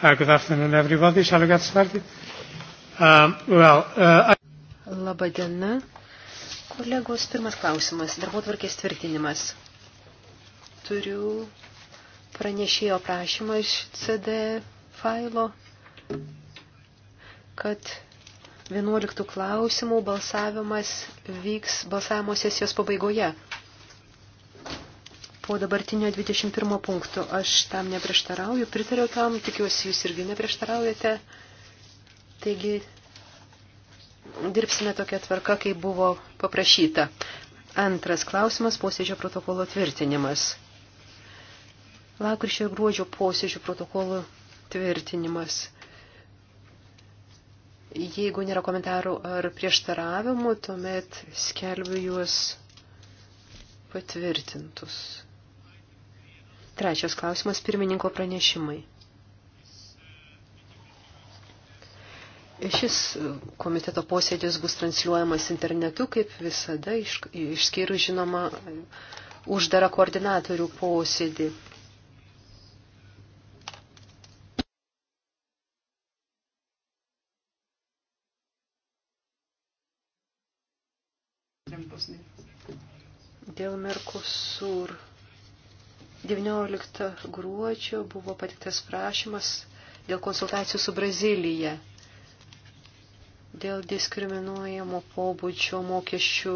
Uh, good afternoon, everybody. Shall we get started? Um, well, uh, I... Labą dieną. Kolegos, pirmas klausimas. Darbo tvarkės tvirtinimas. Turiu pranešėjo prašymą iš CD failo, kad 11 klausimų balsavimas vyks balsavimo sesijos pabaigoje po dabartinio 21 punkto. Aš tam neprieštarauju, pritariu tam, tikiuosi jūs irgi neprieštaraujate. Taigi dirbsime tokia tvarka, kaip buvo paprašyta. Antras klausimas – posėdžio protokolo tvirtinimas. Lakrščio ir gruodžio posėdžio protokolo tvirtinimas. Jeigu nėra komentarų ar prieštaravimų, tuomet skelbiu juos patvirtintus. Trečias klausimas – pirmininko pranešimai. Šis komiteto posėdis bus transliuojamas internetu, kaip visada, išskyrus žinoma uždara koordinatorių posėdį. Dėl Merkosur. 19 gruodžio buvo patiktas prašymas dėl konsultacijų su Brazilyje, dėl diskriminuojamo pobūdžio mokesčių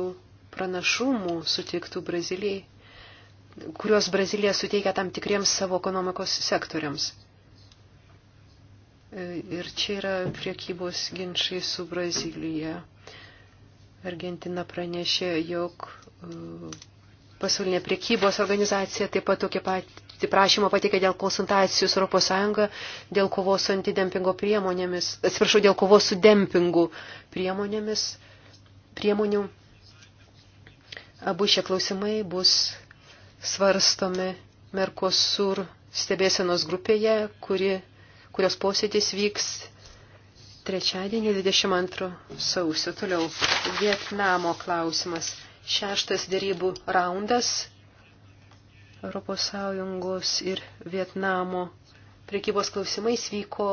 pranašumų sutiktų Brazilijai, kuriuos Brazilija suteikia tam tikriems savo ekonomikos sektoriams. E, ir čia yra priekybos ginčiai su Brazilyje. Argentina pranešė, jog e, pasaulinė priekybos organizacija taip pat tokį patį prašymą pateikė dėl konsultacijų su Europos Sąjunga, dėl kovos su antidempingo priemonėmis, atsiprašau, dėl kovos su dempingu priemonėmis, priemonių. Abu šie klausimai bus svarstomi Merkosur stebėsenos grupėje, kuri, kurios posėdis vyks trečiadienį 22 sausio. Toliau Vietnamo klausimas šeštas dėrybų raundas ES ir Vietnamo prekybos klausimais vyko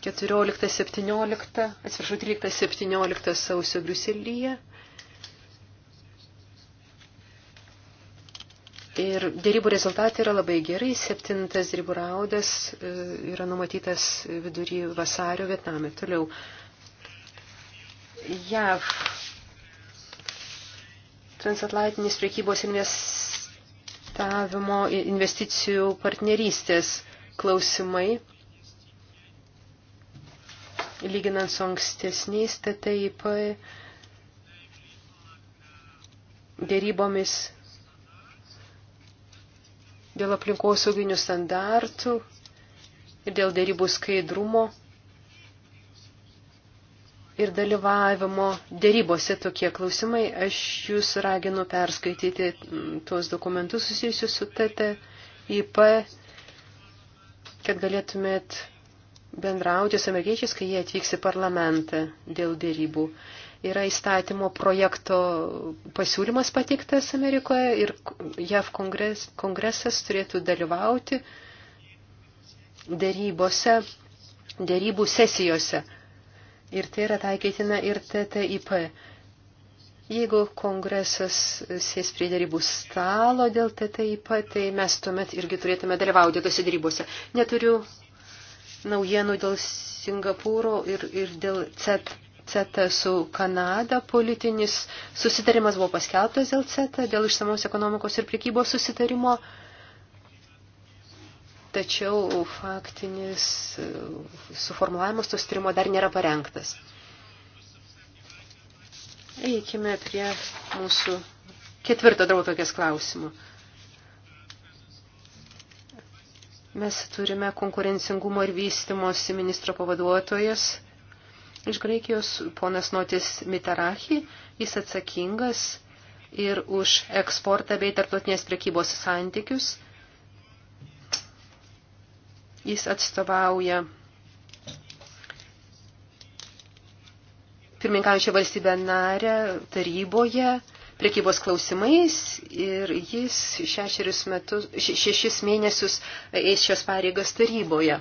keturioliktą, septynioliktą, atsiprašau, tryliktą, septynioliktą sausio Briuselyje. Ir dėrybų rezultatai yra labai gerai. Septintas dėrybų raudas e, yra numatytas vidury vasario Vietname. Toliau JAV transatlantinės priekybos investavimo investicijų partnerystės klausimai, lyginant su ankstesniais TTIP dėrybomis dėl aplinkosauginių standartų ir dėl dėrybų skaidrumo ir dalyvavimo dėrybose tokie klausimai. Aš jūs raginu perskaityti mm, tuos dokumentus susijusius su TTIP, kad galėtumėt bendrauti su amerikiečiais, kai jie atvyks į parlamentą dėl dėrybų. Yra įstatymo projekto pasiūlymas pateiktas Amerikoje ir JAV kongres, kongresas turėtų dalyvauti dėrybose, dėrybų sesijose Ir tai yra taikytina ir TTIP. Jeigu kongresas sės prie darybų stalo dėl TTIP, tai mes tuomet irgi turėtume dalyvauti tose darybose. Neturiu naujienų dėl Singapūro ir, ir dėl CET. CETA su Kanada politinis susitarimas buvo paskelbtas dėl CETA, dėl išsamaus ekonomikos ir prekybos susitarimo. Uh, tačiau faktinis e, suformuojamas tos tyrimo dar nėra parengtas. Eikime prie mūsų ketvirto drautokės klausimų. Mes turime konkurencingumo ir vystimosi ministro pavaduotojas iš Graikijos, ponas Notis Mitarachi, jis atsakingas ir už eksportą bei tarptautinės prekybos santykius Jis atstovauja pirmininkaujančią valstybę narę taryboje priekybos klausimais ir jis šešerius metus, še, šešis mėnesius eis šios pareigas taryboje.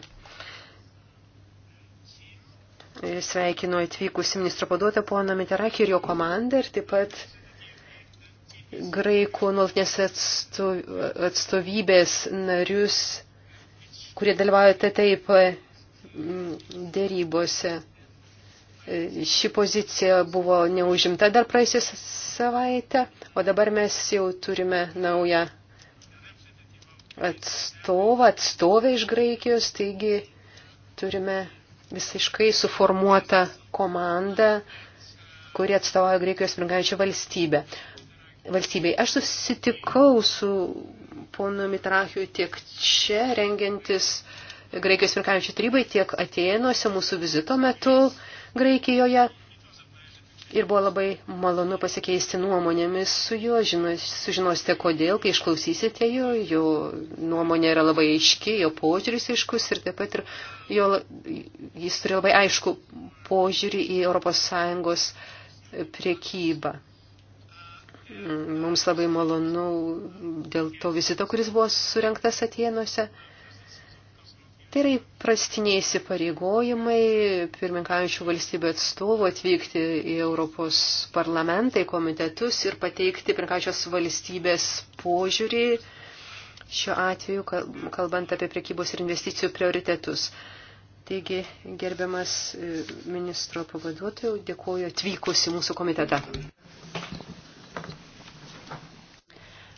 Sveikinu atvykusi ministro paduotą poną Miterakį ir jo komandą ir taip pat graikų nuolatinės atstovybės narius kurie dalyvaujate tai taip mm, dėrybose. Ši pozicija buvo neužimta dar praeisį savaitę, o dabar mes jau turime naują atstovą, atstovę iš Graikijos, taigi turime visiškai suformuotą komandą, kuri atstovauja Graikijos pirmgaičio valstybę. Valstybei. Aš susitikau su ponu Mitrachiu tiek čia rengiantis Graikijos pirkaičių tarybai, tiek Atėnuose mūsų vizito metu Graikijoje. Ir buvo labai malonu pasikeisti nuomonėmis su juo, žinos, sužinosite kodėl, kai išklausysite jo, jo nuomonė yra labai aiški, jo požiūris aiškus ir taip pat ir jo, jis turi labai aišku požiūrį į ES priekybą. Mums labai malonu dėl to vizito, kuris buvo surinktas Atėnuose. Tai yra įprastiniai įsipareigojimai pirmininkaujančių valstybių atstovų atvykti į Europos parlamentą, į komitetus ir pateikti pirmininkaujančios valstybės požiūrį šiuo atveju, kalbant apie prekybos ir investicijų prioritetus. Taigi, gerbiamas ministro pavaduotojų, dėkuoju atvykus į mūsų komitetą.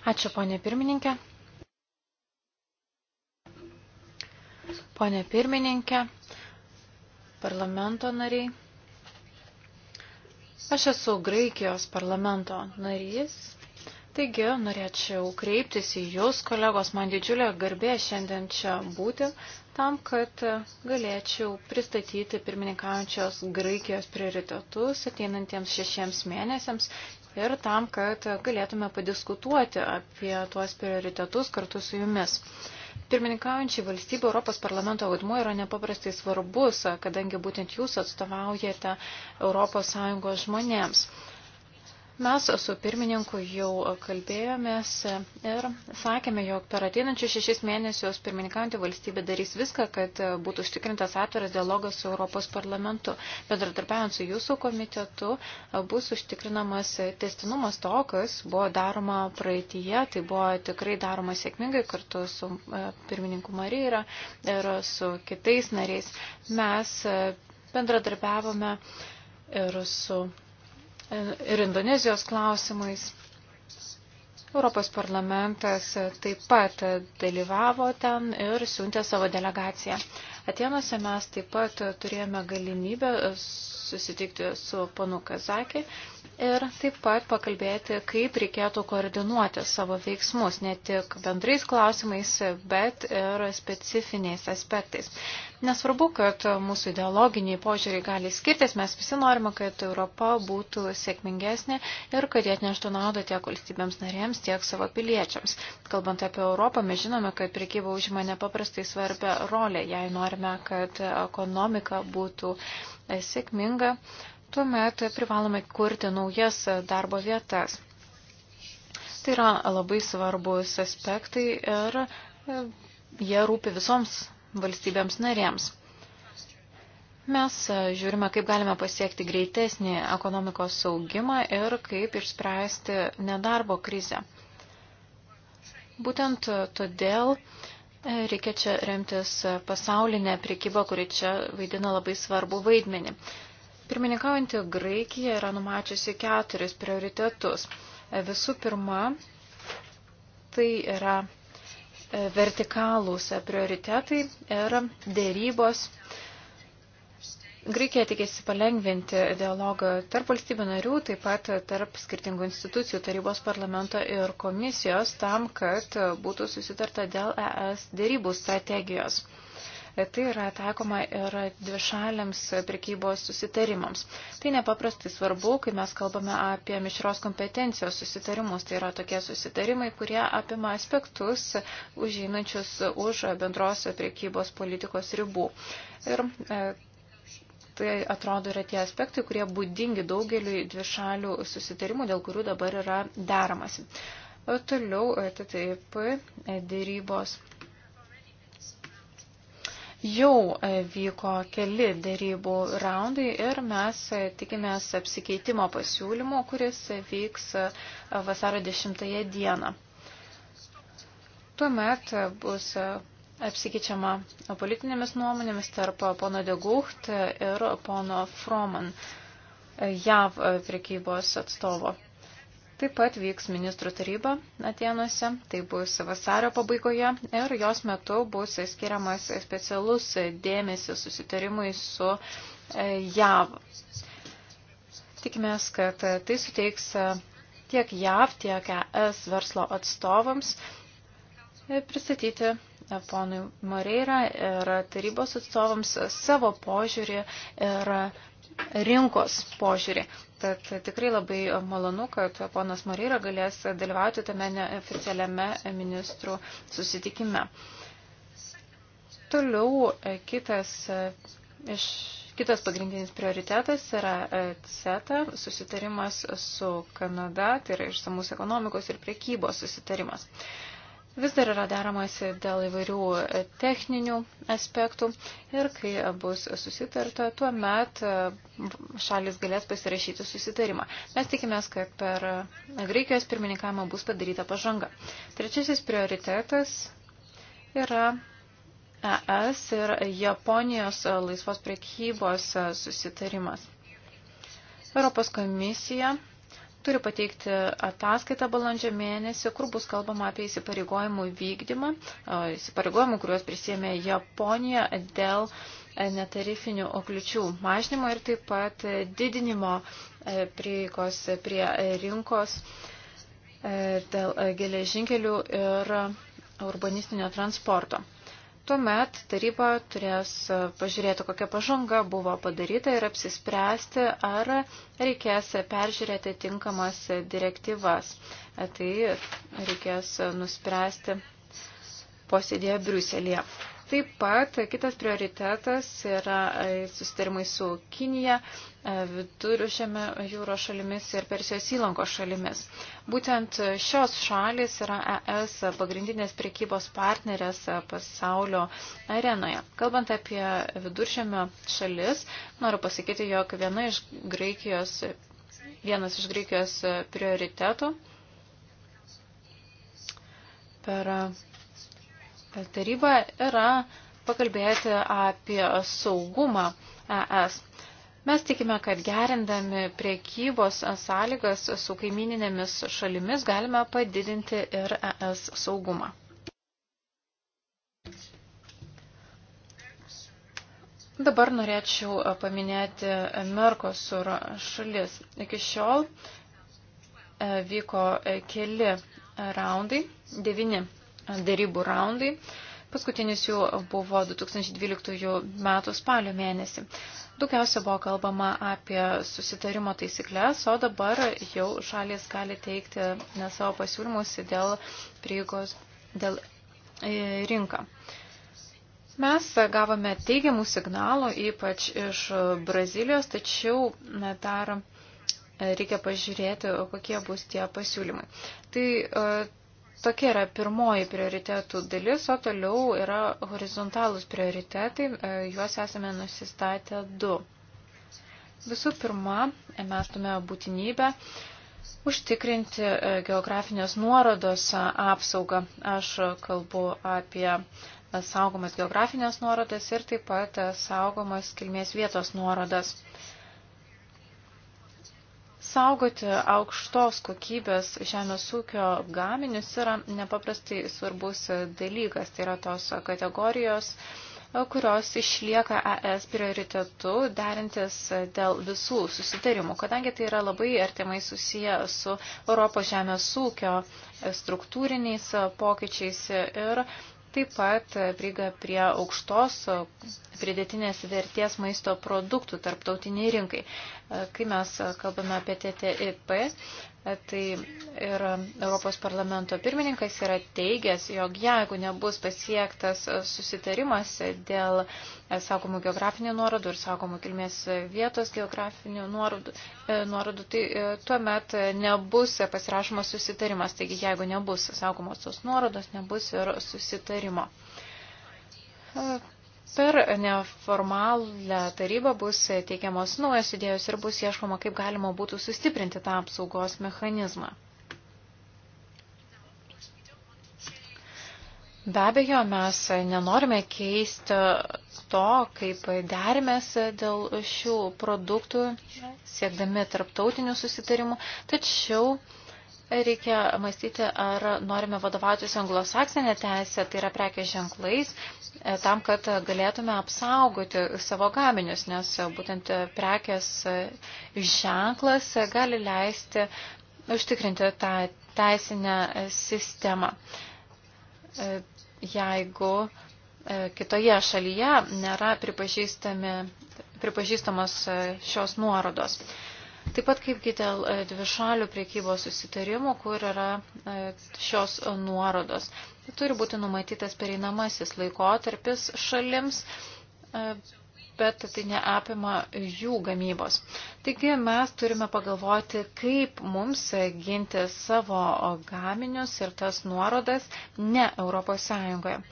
Ačiū, ponė pirmininkė. Pone pirmininkė, parlamento nariai. Aš esu Graikijos parlamento narys, taigi norėčiau kreiptis į Jūs, kolegos, man didžiulė garbė šiandien čia būti, tam, kad galėčiau pristatyti pirmininkaujančios Graikijos prioritetus ateinantiems šešiems mėnesiams ir tam, kad galėtume padiskutuoti apie tuos prioritetus kartu su jumis. Pirmininkaujančiai valstybė Europos parlamento vaidmuo yra nepaprastai svarbus, kadangi būtent jūs atstovaujate ES žmonėms. Mes su pirmininku jau kalbėjomės ir sakėme, jog per ateinančius šešis mėnesius pirmininkaujantį valstybę darys viską, kad būtų užtikrintas atviras dialogas su Europos parlamentu. Bendradarbiaujant su jūsų komitetu bus užtikrinamas testinumas to, kas buvo daroma praeitie, tai buvo tikrai daroma sėkmingai kartu su e, pirmininku Marija ir su kitais nariais. Mes e, bendradarbiavome ir su ir Indonezijos klausimais. Europos parlamentas taip pat dalyvavo ten ir siuntė savo delegaciją. Atenuose mes taip pat turėjome galimybę susitikti su panu Kazakė ir taip pat pakalbėti, kaip reikėtų koordinuoti savo veiksmus, ne tik bendrais klausimais, bet ir specifiniais aspektais. Nesvarbu, kad mūsų ideologiniai požiūriai gali skirtis, mes visi norime, kad Europa būtų sėkmingesnė ir kad jie atneštų naudą tiek valstybėms narėms, tiek savo piliečiams. Kalbant apie Europą, mes žinome, kad priekyba užima nepaprastai svarbę rolę, jei norime norime, kad ekonomika būtų e, sėkminga, tuomet privalome kurti naujas darbo vietas. Tai yra labai svarbus aspektai ir e, jie rūpi visoms valstybėms narėms. Mes e, žiūrime, kaip galime pasiekti greitesnį ekonomikos saugimą ir kaip išspręsti nedarbo krizę. Būtent todėl Reikia čia remtis pasaulinę priekybą, kuri čia vaidina labai svarbu vaidmenį. Pirmininkaujantį Graikiją yra numačiusi keturis prioritetus. Visų pirma, tai yra vertikalūs prioritetai ir dėrybos Graikija tikėsi palengvinti dialogą tarp valstybių narių, taip pat tarp skirtingų institucijų, tarybos parlamento ir komisijos, tam, kad būtų susitarta dėl ES dėrybų strategijos. Tai yra taikoma ir dvišaliams prekybos susitarimams. Tai nepaprastai svarbu, kai mes kalbame apie mišros kompetencijos susitarimus. Tai yra tokie susitarimai, kurie apima aspektus užeinančius už bendros prekybos politikos ribų. Ir e, tai atrodo yra tie aspektai, kurie būdingi daugeliui dvišalių susitarimų, dėl kurių dabar yra deramasi. Toliau e, TTIP tai e, dėrybos. Jau e, vyko keli dėrybų raundai ir mes tikimės apsikeitimo pasiūlymo, kuris vyks vasaro 10 dieną. Tuomet bus apsikeičiama politinėmis nuomonėmis tarp pono Degucht ir pono Froman, JAV prekybos atstovo. Taip pat vyks ministrų taryba Atenuose, tai bus vasario pabaigoje ir jos metu bus skiriamas specialus dėmesys susitarimui su e, JAV. Tikimės, kad tai suteiks tiek JAV, tiek e, ES verslo atstovams pristatyti ponui Moreira ir tarybos atstovams savo požiūrį ir rinkos požiūrį. Tad tikrai labai malonu, kad ponas Moreira galės dalyvauti tame neoficialiame ministrų susitikime. Toliau e, kitas, e, iš, kitas pagrindinis prioritetas yra e, CETA, susitarimas su Kanada, tai yra išsamus ekonomikos ir priekybos susitarimas. Vis dar yra deramasi dėl įvairių techninių aspektų ir kai bus susitarta, tuo met e, šalis galės pasirašyti susitarimą. Mes tikimės, kad per Graikijos pirmininkavimą bus padaryta pažanga. Trečiasis prioritetas yra ES ir Japonijos laisvos prekybos susitarimas. Europos komisija turi pateikti ataskaitą balandžio mėnesį, kur bus kalbama apie įsipareigojimų vykdymą, įsipareigojimų, kuriuos prisėmė Japonija dėl e, netarifinių okliučių mažnymo ir taip pat didinimo e, prieikos prie rinkos e, dėl geležinkelių ir urbanistinio transporto. Tuomet taryba turės pažiūrėti, kokia pažanga buvo padaryta ir apsispręsti, ar reikės peržiūrėti tinkamas direktyvas. Tai reikės nuspręsti posėdėje Briuselėje. Taip pat kitas prioritetas yra e, sustarimai su Kinija, e, vidurių šiame jūros šalimis ir Persijos įlanko šalimis. Būtent šios šalis yra ES pagrindinės priekybos partnerės pasaulio arenoje. Kalbant apie viduršėme šalis, noriu pasakyti, jog viena iš Graikijos, vienas iš Graikijos prioritetų per taryba yra pakalbėti apie saugumą ES. Mes tikime, kad gerindami priekybos sąlygas su kaimininėmis šalimis galime padidinti ir ES saugumą. Dabar norėčiau paminėti Merkosur šalis. Iki šiol e, vyko keli raundai, devini darybų raundai. Paskutinis jų buvo 2012 metų spalio mėnesį. Daugiausia buvo kalbama apie susitarimo taisyklės, o dabar jau šalis gali teikti ne savo pasiūlymus dėl prieigos, dėl e, rinką. Mes gavome teigiamų signalų, ypač iš Brazilijos, tačiau dar e, reikia pažiūrėti, kokie bus tie pasiūlymai. Tai e, Tokia yra pirmoji prioritetų dalis, o toliau yra horizontalūs prioritetai, e, juos esame nusistatę du. Visų pirma, mes tume būtinybę užtikrinti e, geografinės nuorodos apsaugą. Aš kalbu apie saugomas geografinės nuorodas ir taip pat saugomas kilmės vietos nuorodas. Saugoti aukštos kokybės žemės ūkio gaminius yra nepaprastai svarbus dalykas. Tai yra tos kategorijos, kurios išlieka ES prioritetu derintis dėl visų susitarimų, kadangi tai yra labai artimai susiję su Europos žemės ūkio struktūriniais pokyčiais ir Taip pat e, prieiga prie aukštos e, pridėtinės vertės maisto produktų tarptautiniai rinkai. E, kai mes kalbame apie TTIP, Tai ir Europos parlamento pirmininkas yra teigęs, jog jeigu nebus pasiektas susitarimas dėl sakomų geografinių nuorodų ir sakomų kilmės vietos geografinių nuorodų, e, nuorodų tai e, tuomet nebus pasirašomas susitarimas. Taigi, jeigu nebus sakomos tos nuorodos, nebus ir susitarimo. Per neformalę tarybą bus teikiamos naujos idėjos ir bus ieškoma, kaip galima būtų sustiprinti tą apsaugos mechanizmą. Be abejo, mes nenorime keisti to, kaip derimės dėl šių produktų, siekdami tarptautinių susitarimų, tačiau reikia mąstyti, ar norime vadovautis anglosaksinė teisė, tai yra prekės ženklais, e, tam, kad galėtume apsaugoti savo gaminius, nes būtent prekės ženklas gali leisti užtikrinti tą teisinę sistemą. E, jeigu e, kitoje šalyje nėra pripažįstamos šios nuorodos. Taip pat kaipgi dėl e, dvišalių priekybos susitarimų, kur yra e, šios nuorodos. Tai turi būti numatytas pereinamasis laikotarpis šalims, e, bet tai neapima jų gamybos. Taigi mes turime pagalvoti, kaip mums ginti savo gaminius ir tas nuorodas ne Europos Sąjungoje.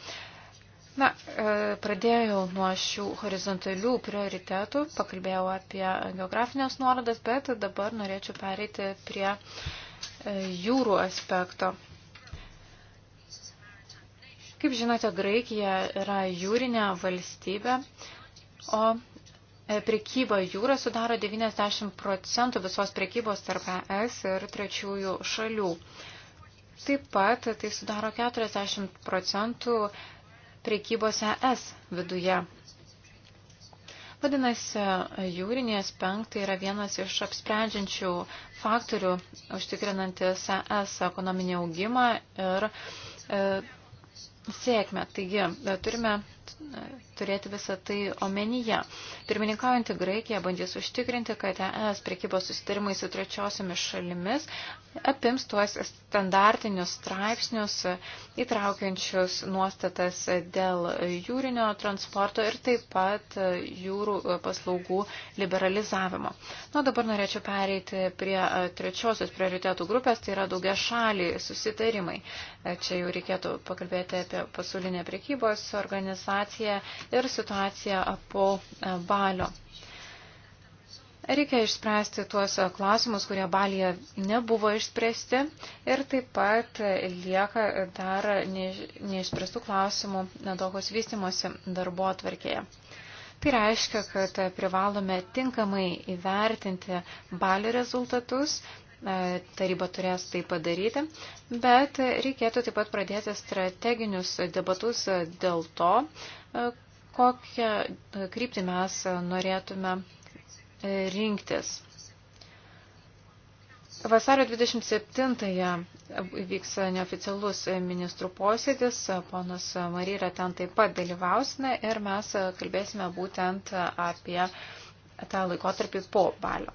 Na, e, pradėjau nuo šių horizontalių prioritetų, pakalbėjau apie geografinės nuorodas, bet dabar norėčiau pereiti prie e, jūrų aspekto. Kaip žinote, Graikija yra jūrinė valstybė, o e, prekyba jūra sudaro 90 procentų visos prekybos tarp ES ir trečiųjų šalių. Taip pat tai sudaro 40 procentų priekybos ES viduje. Vadinasi, jūrinė penkta yra vienas iš apsprendžiančių faktorių užtikrinantis ES ekonominį augimą ir e, sėkmę. Taigi, turime turėti visą tai omenyje. Pirmininkaujantį Graikiją bandys užtikrinti, kad ES priekybos susitarimai su trečiosiomis šalimis apims tuos standartinius straipsnius, įtraukiančius nuostatas dėl jūrinio transporto ir taip pat jūrų paslaugų liberalizavimo. Nu, dabar norėčiau pereiti prie trečiosios prioritetų grupės, tai yra daugia šaliai susitarimai. Čia jau reikėtų pakalbėti apie pasaulinę prekybos organizaciją ir situaciją po e, balio. Reikia išspręsti tuos e, klausimus, kurie balyje nebuvo išspręsti ir taip pat lieka dar neišspręstų klausimų nedogos vystimosi darbo atvarkėje. Tai reiškia, kad privalome tinkamai įvertinti balio rezultatus, e, taryba turės tai padaryti, bet reikėtų taip pat pradėti strateginius debatus dėl to, kokią e, kryptį mes e, norėtume e, rinktis. Vasario 27-ąją vyks neoficialus ministrų posėdis, ponas Maryra ten taip pat dalyvausime ir mes kalbėsime būtent apie tą laikotarpį po balio.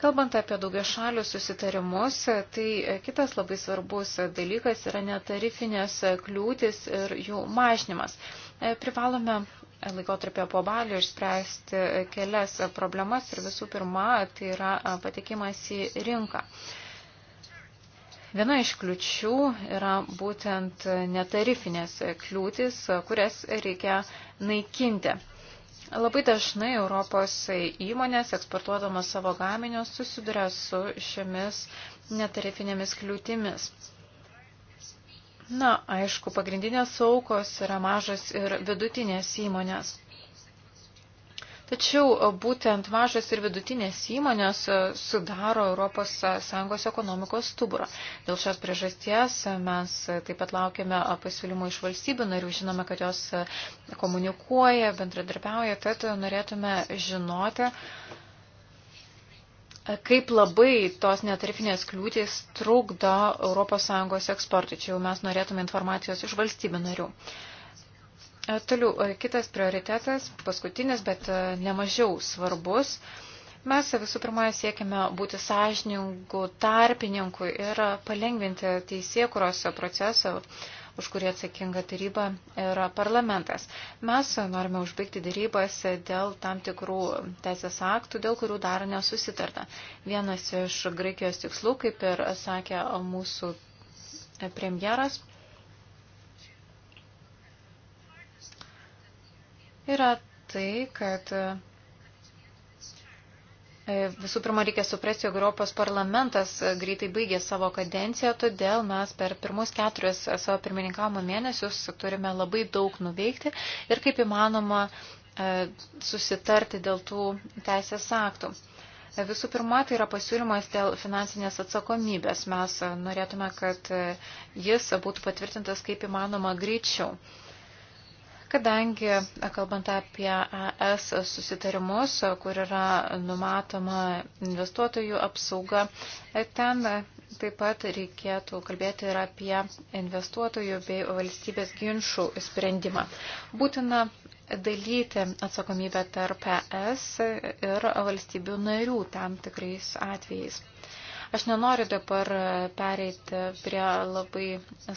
Kalbant apie daugia šalių susitarimus, tai kitas labai svarbus dalykas yra netarifinės kliūtis ir jų mažnymas. E, privalome e, laikotarpio po balių išspręsti e, kelias problemas ir visų pirma, tai yra patekimas į rinką. Viena iš kliučių yra būtent netarifinės kliūtis, kurias reikia naikinti. Labai dažnai Europos įmonės, eksportuodamas savo gaminius, susiduria su šiomis netarifinėmis kliūtimis. Na, aišku, pagrindinės aukos yra mažas ir vidutinės įmonės. Tačiau būtent mažas ir vidutinės įmonės sudaro ES ekonomikos stuburą. Dėl šios priežasties mes taip pat laukiame pasiūlymų iš valstybių narių, žinome, kad jos komunikuoja, bendradarbiauja, tad norėtume žinoti, kaip labai tos netarifinės kliūtys trukdo ES eksportui. Čia jau mes norėtume informacijos iš valstybių narių. E, toliau, e, kitas prioritetas, paskutinis, bet e, nemažiau svarbus. Mes visų pirma siekime būti sąžiningų tarpininkų ir palengvinti teisėkuros procesą už kurį atsakinga taryba yra parlamentas. Mes norime užbaigti darybas dėl tam tikrų teisės aktų, dėl kurių dar nesusitarta. Vienas iš Graikijos tikslų, kaip ir sakė mūsų premjeras, yra tai, kad E, visų pirma, reikia suprasti, jog Europos parlamentas e, greitai baigė savo kadenciją, todėl mes per pirmus keturis e, savo pirmininkavimo mėnesius turime labai daug nuveikti ir kaip įmanoma susitarti dėl tų teisės aktų. Visų pirma, tai yra pasiūlymas dėl finansinės atsakomybės. Mes norėtume, kad jis būtų patvirtintas kaip įmanoma greičiau kadangi, kalbant apie ES susitarimus, kur yra numatoma investuotojų apsauga, ten taip pat reikėtų kalbėti ir apie investuotojų bei valstybės ginčių sprendimą. Būtina dalyti atsakomybę tarp ES ir valstybių narių tam tikrais atvejais. Aš nenoriu dabar pereiti prie labai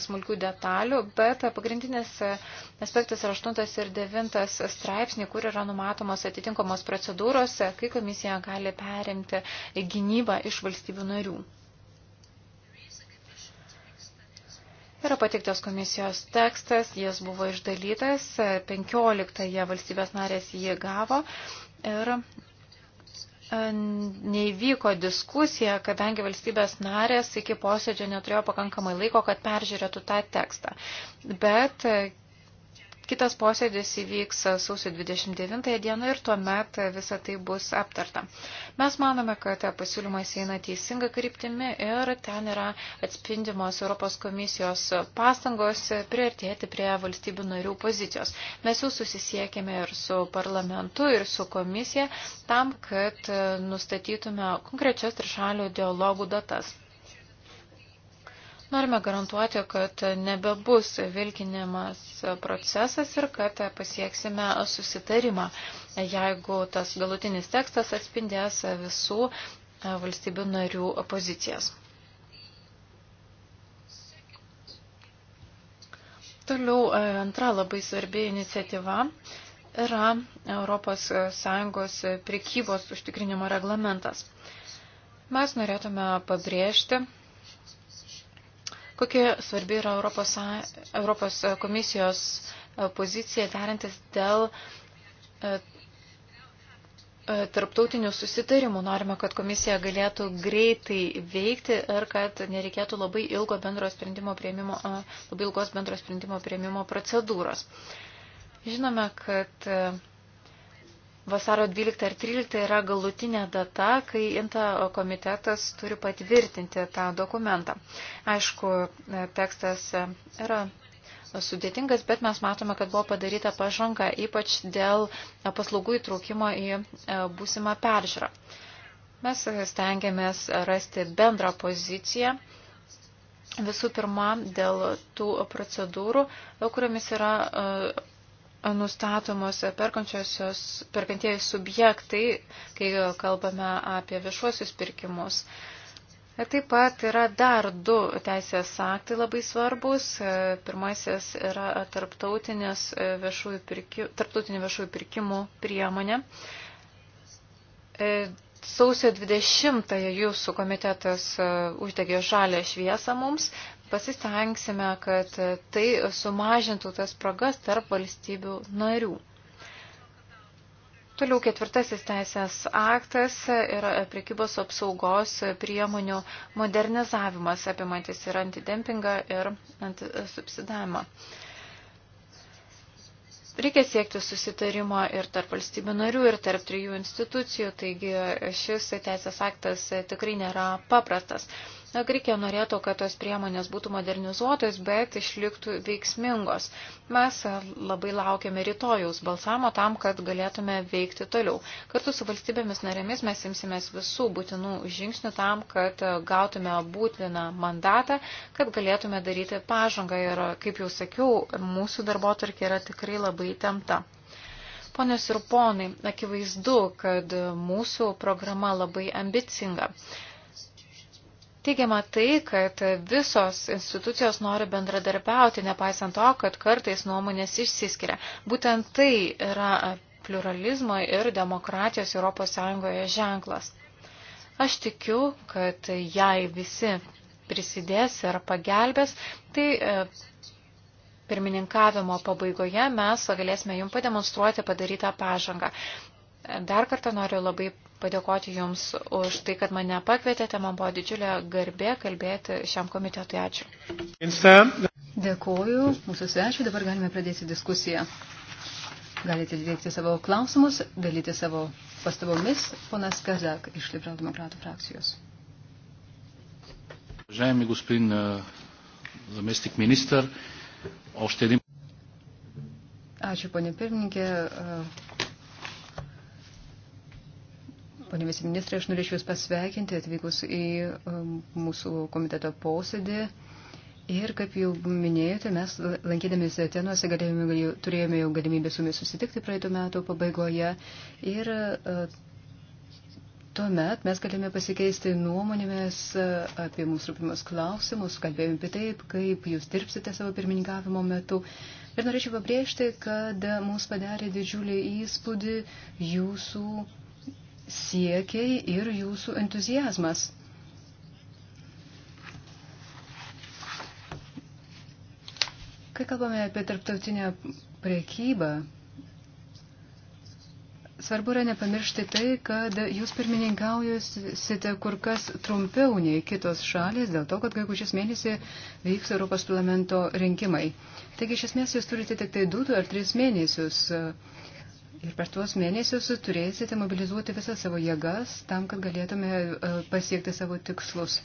smulkių detalių, bet pagrindinis aspektas yra 8 ir 9 straipsnį, kur yra numatomos atitinkamos procedūros, kai komisija gali perimti gynybą iš valstybių narių. Yra patiktas komisijos tekstas, jis buvo išdalytas, 15 valstybės narės jį gavo ir E, neįvyko diskusija, kadangi valstybės narės iki posėdžio neturėjo pakankamai laiko, kad peržiūrėtų tą tekstą. Bet Kitas posėdis įvyks sausio 29 dieną ir tuomet visa tai bus aptarta. Mes manome, kad pasiūlymas eina teisinga kryptimi ir ten yra atspindimos Europos komisijos pastangos priartėti prie valstybių narių pozicijos. Mes jau susisiekėme ir su parlamentu, ir su komisija tam, kad nustatytume konkrečias trišalių dialogų datas. Norime garantuoti, kad nebebus vilkinimas procesas ir kad pasieksime susitarimą, jeigu tas galutinis tekstas atspindės visų valstybių narių pozicijas. Toliau e, antra labai svarbi iniciatyva yra ES prekybos užtikrinimo reglamentas. Mes norėtume pabrėžti, Kokia svarbi yra Europos, Europos komisijos e, pozicija derantis dėl e, e, tarptautinių susitarimų. Norime, kad komisija galėtų greitai veikti ir kad nereikėtų labai, ilgo bendro sprendimo prieimimo, labai ilgos bendro sprendimo prieimimo procedūros. Žinome, kad Vasaro 12 ar 13 yra galutinė data, kai INTA komitetas turi patvirtinti tą dokumentą. Aišku, tekstas yra sudėtingas, bet mes matome, kad buvo padaryta pažanga, ypač dėl paslaugų įtraukimo į e, būsimą peržiūrą. Mes stengiamės rasti bendrą poziciją. Visų pirma, dėl tų procedūrų, kuriomis yra e, nustatomos perkančiosios, perkantieji subjektai, kai kalbame apie viešuosius pirkimus. Taip pat yra dar du teisės aktai labai svarbus. Pirmasis yra tarptautinės viešųjų pirkimų, tarptautinė viešųjų pirkimų priemonė. Sausio 20-ąją jūsų komitetas uždegė žalę šviesą mums, pasistengsime, kad tai sumažintų tas spragas tarp valstybių narių. Toliau ketvirtasis teisės aktas yra prekybos apsaugos priemonių modernizavimas, apimantis ir antidempingą, ir antisubsidavimą. Reikia siekti susitarimo ir tarp valstybių narių, ir tarp trijų institucijų, taigi šis teisės aktas tikrai nėra paprastas. Na, Grikija norėtų, kad tos priemonės būtų modernizuotos, bet išliktų veiksmingos. Mes e, labai laukiame rytojaus balsamo tam, kad galėtume veikti toliau. Kartu su valstybėmis narėmis mes imsimės visų būtinų žingsnių tam, kad e, gautume būtiną mandatą, kad galėtume daryti pažangą ir, e, kaip jau sakiau, mūsų darbo tarkė yra tikrai labai temta. Ponios ir ponai, akivaizdu, kad mūsų programa labai ambicinga. Teigiama tai, kad visos institucijos nori bendradarbiauti, nepaisant to, kad kartais nuomonės išsiskiria. Būtent tai yra pluralizmo ir demokratijos ES ženklas. Aš tikiu, kad jei visi prisidės ir pagelbės, tai e, pirmininkavimo pabaigoje mes galėsime jums pademonstruoti padarytą pažangą. Dar kartą noriu labai padėkoti Jums už tai, kad mane pakvietėte. Man buvo didžiulė garbė kalbėti šiam komitetui. Ačiū. Dėkuoju mūsų svečiu. Dabar galime pradėti diskusiją. Galite dėkti savo klausimus, dalyti savo pastabomis. Ponas Kazak iš Liberaldemokratų frakcijos. Уважаеми господин заместник министър, още един. Ačiū, ponė pirmininkė, Pane viceministrė, aš norėčiau Jūs pasveikinti atvykus į um, mūsų komiteto posėdį. Ir kaip jau minėjote, mes lankydamės Atenuose turėjome jau galimybę su jumis susitikti praeitų metų pabaigoje. Ir uh, tuomet mes galėjome pasikeisti nuomonėmis uh, apie mūsų rūpimus klausimus, kalbėjome apie taip, kaip jūs dirbsite savo pirmininkavimo metu. Ir norėčiau pabrėžti, kad mums padarė didžiulį įspūdį jūsų siekiai ir jūsų entuzijazmas. Kai kalbame apie tarptautinę priekybą, svarbu yra nepamiršti tai, kad jūs pirmininkaujusite kur kas trumpiau nei kitos šalės, dėl to, kad gegužės mėnesį vyks Europos parlamento rinkimai. Taigi, iš esmės, jūs turite tik tai du ar tris mėnesius uh, Ir per tuos mėnesius turėsite mobilizuoti visas savo jėgas tam, kad galėtume e, pasiekti savo tikslus.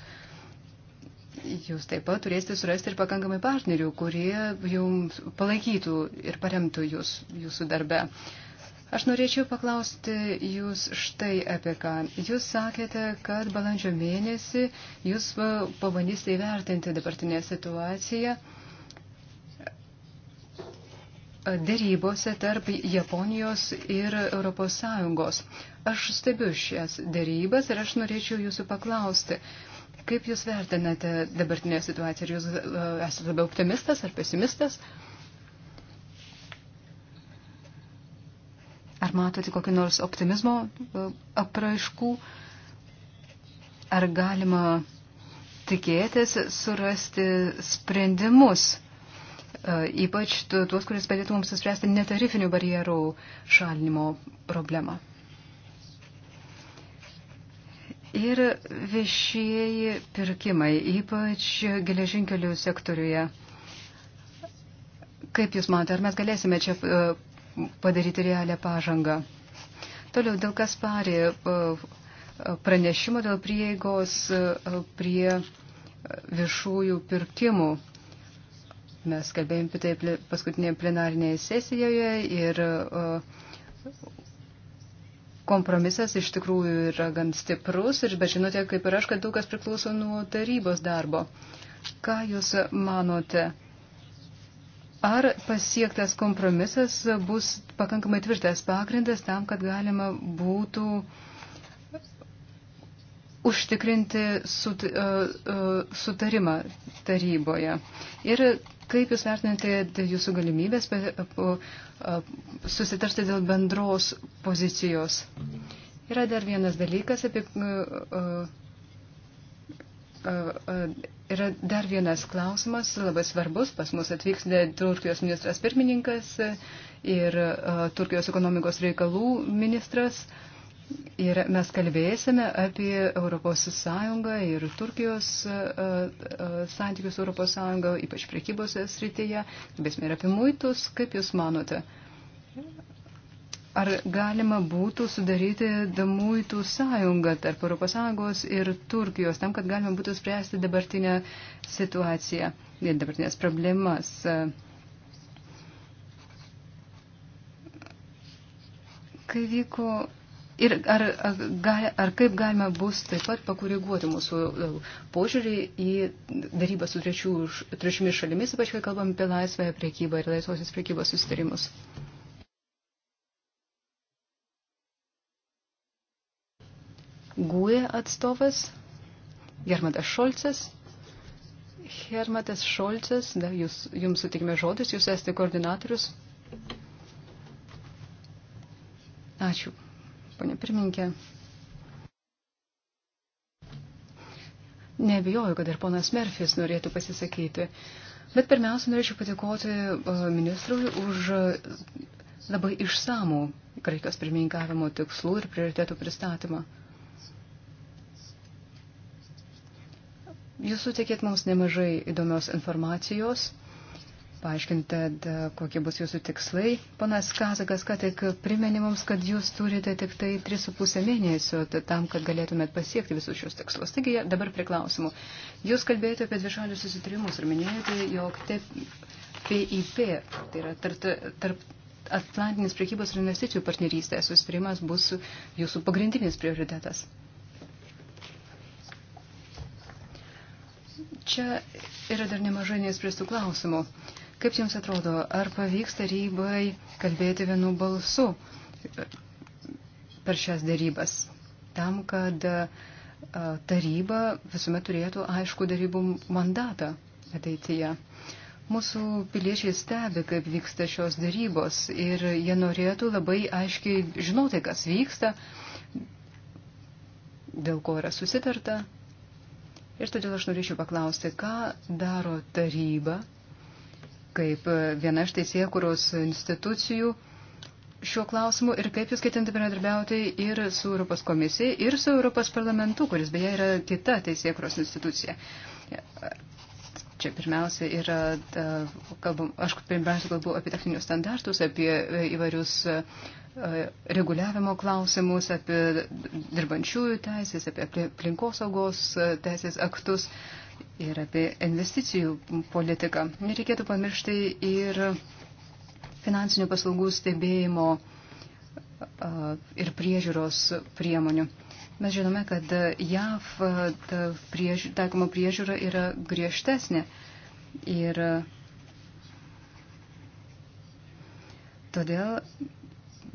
Jūs taip pat turėsite surasti ir pakankamai partnerių, kurie jums palaikytų ir paremtų jūs, jūsų darbę. Aš norėčiau paklausti jūs štai apie ką. Jūs sakėte, kad balandžio mėnesį jūs e, pabandysite įvertinti dabartinę situaciją dėrybose tarp Japonijos ir ES. Aš stebiu šias dėrybas ir aš norėčiau jūsų paklausti, kaip jūs vertinate dabartinę situaciją, ar jūs e, esate labiau optimistas ar pesimistas? Ar matote kokį nors optimizmo e, apraiškų? Ar galima tikėtis surasti sprendimus? E, ypač tuos, kuris padėtų mums suspręsti netarifinių barjerų šalinimo problemą. Ir viešieji pirkimai, ypač geležinkelių sektoriuje. Kaip Jūs matote, ar mes galėsime čia e, padaryti realią pažangą? Toliau dėl Kasparį e, pranešimo dėl prieigos prie viešųjų pirkimų. Mes kalbėjom apie tai paskutinėje plenarinėje sesijoje ir kompromisas iš tikrųjų yra gan stiprus, ir, bet žinote, kaip ir aš, kad daug kas priklauso nuo tarybos darbo. Ką Jūs manote? Ar pasiektas kompromisas bus pakankamai tvirtas pagrindas tam, kad galima būtų užtikrinti sut, uh, uh, sutarimą taryboje? Ir Kaip Jūs vertinate Jūsų galimybės susitarti dėl bendros pozicijos? Yra dar vienas dalykas apie. Yra dar vienas klausimas, labai svarbus. Pas mus atvyks Turkijos ministras pirmininkas ir Turkijos ekonomikos reikalų ministras. Uh, Ir mes kalbėsime apie ES ir Turkijos e, e, santykius ES, ypač prekybos srityje. Kalbėsime ir apie muitus. Kaip Jūs manote, ar galima būtų sudaryti muitų sąjungą tarp ES ir Turkijos, tam, kad galima būtų spręsti dabartinę situaciją ir dabartinės problemas? Kai vyko Ir ar, ar, ar kaip galima bus taip pat pakoreguoti mūsų e, požiūrį į darybą su trečių, trečiomis šalimis, ypač kai kalbam apie laisvąją priekybą ir laisvosios priekybos susitarimus? GUE atstovas Germatas Šolcas. Hermatas Šolcas, da, jūs, jums sutikime žodis, jūs esate koordinatorius. Ačiū ponė pirminkė. Nebijoju, kad ir ponas Merfis norėtų pasisakyti. Bet pirmiausia, norėčiau patikoti e, ministrui už labai išsamų Graikijos pirmininkavimo tikslų ir prioritėtų pristatymą. Jūs sutikėt mums nemažai įdomios informacijos paaiškinti, kokie bus jūsų tikslai. Panas Kazakas, ką tik primeni mums, kad jūs turite tik tai 3,5 mėnesio tam, kad galėtumėt pasiekti visus šios tikslus. Taigi dabar prie klausimų. Jūs kalbėjote apie dvišalius susitrimus ir minėjote, jog TPIP, tai yra tarp, tarp Atlantinės priekybos ir investicijų partnerystės susitrimas, bus jūsų pagrindinis prioritetas. Čia yra dar nemažai neįspręstų klausimų. Uh, Kaip Jums atrodo, ar pavyks tarybai kalbėti vienu balsu per šias darybas, tam, kad taryba visuomet turėtų aišku darybų mandatą ateityje? Mūsų piliečiai stebi, kaip vyksta šios darybos ir jie norėtų labai aiškiai žinoti, kas vyksta, dėl ko yra susitarta. Ir todėl aš norėčiau paklausti, ką daro taryba kaip e, viena iš teisėkuros institucijų šiuo klausimu ir kaip jūs ketinate bendradarbiauti ir su Europos komisija, ir su Europos parlamentu, kuris beje yra kita teisėkuros institucija. Čia pirmiausia yra, e, kalbam, aš pirmiausia kalbu apie techninius standartus, apie e, įvairius reguliavimo klausimus, apie dirbančiųjų teisės, apie aplinkosaugos teisės aktus. Uh, ir apie investicijų politiką. Nereikėtų pamiršti ir finansinių paslaugų stebėjimo ir priežiūros priemonių. Mes žinome, kad JAV ta priež, taikoma priežiūra yra griežtesnė ir todėl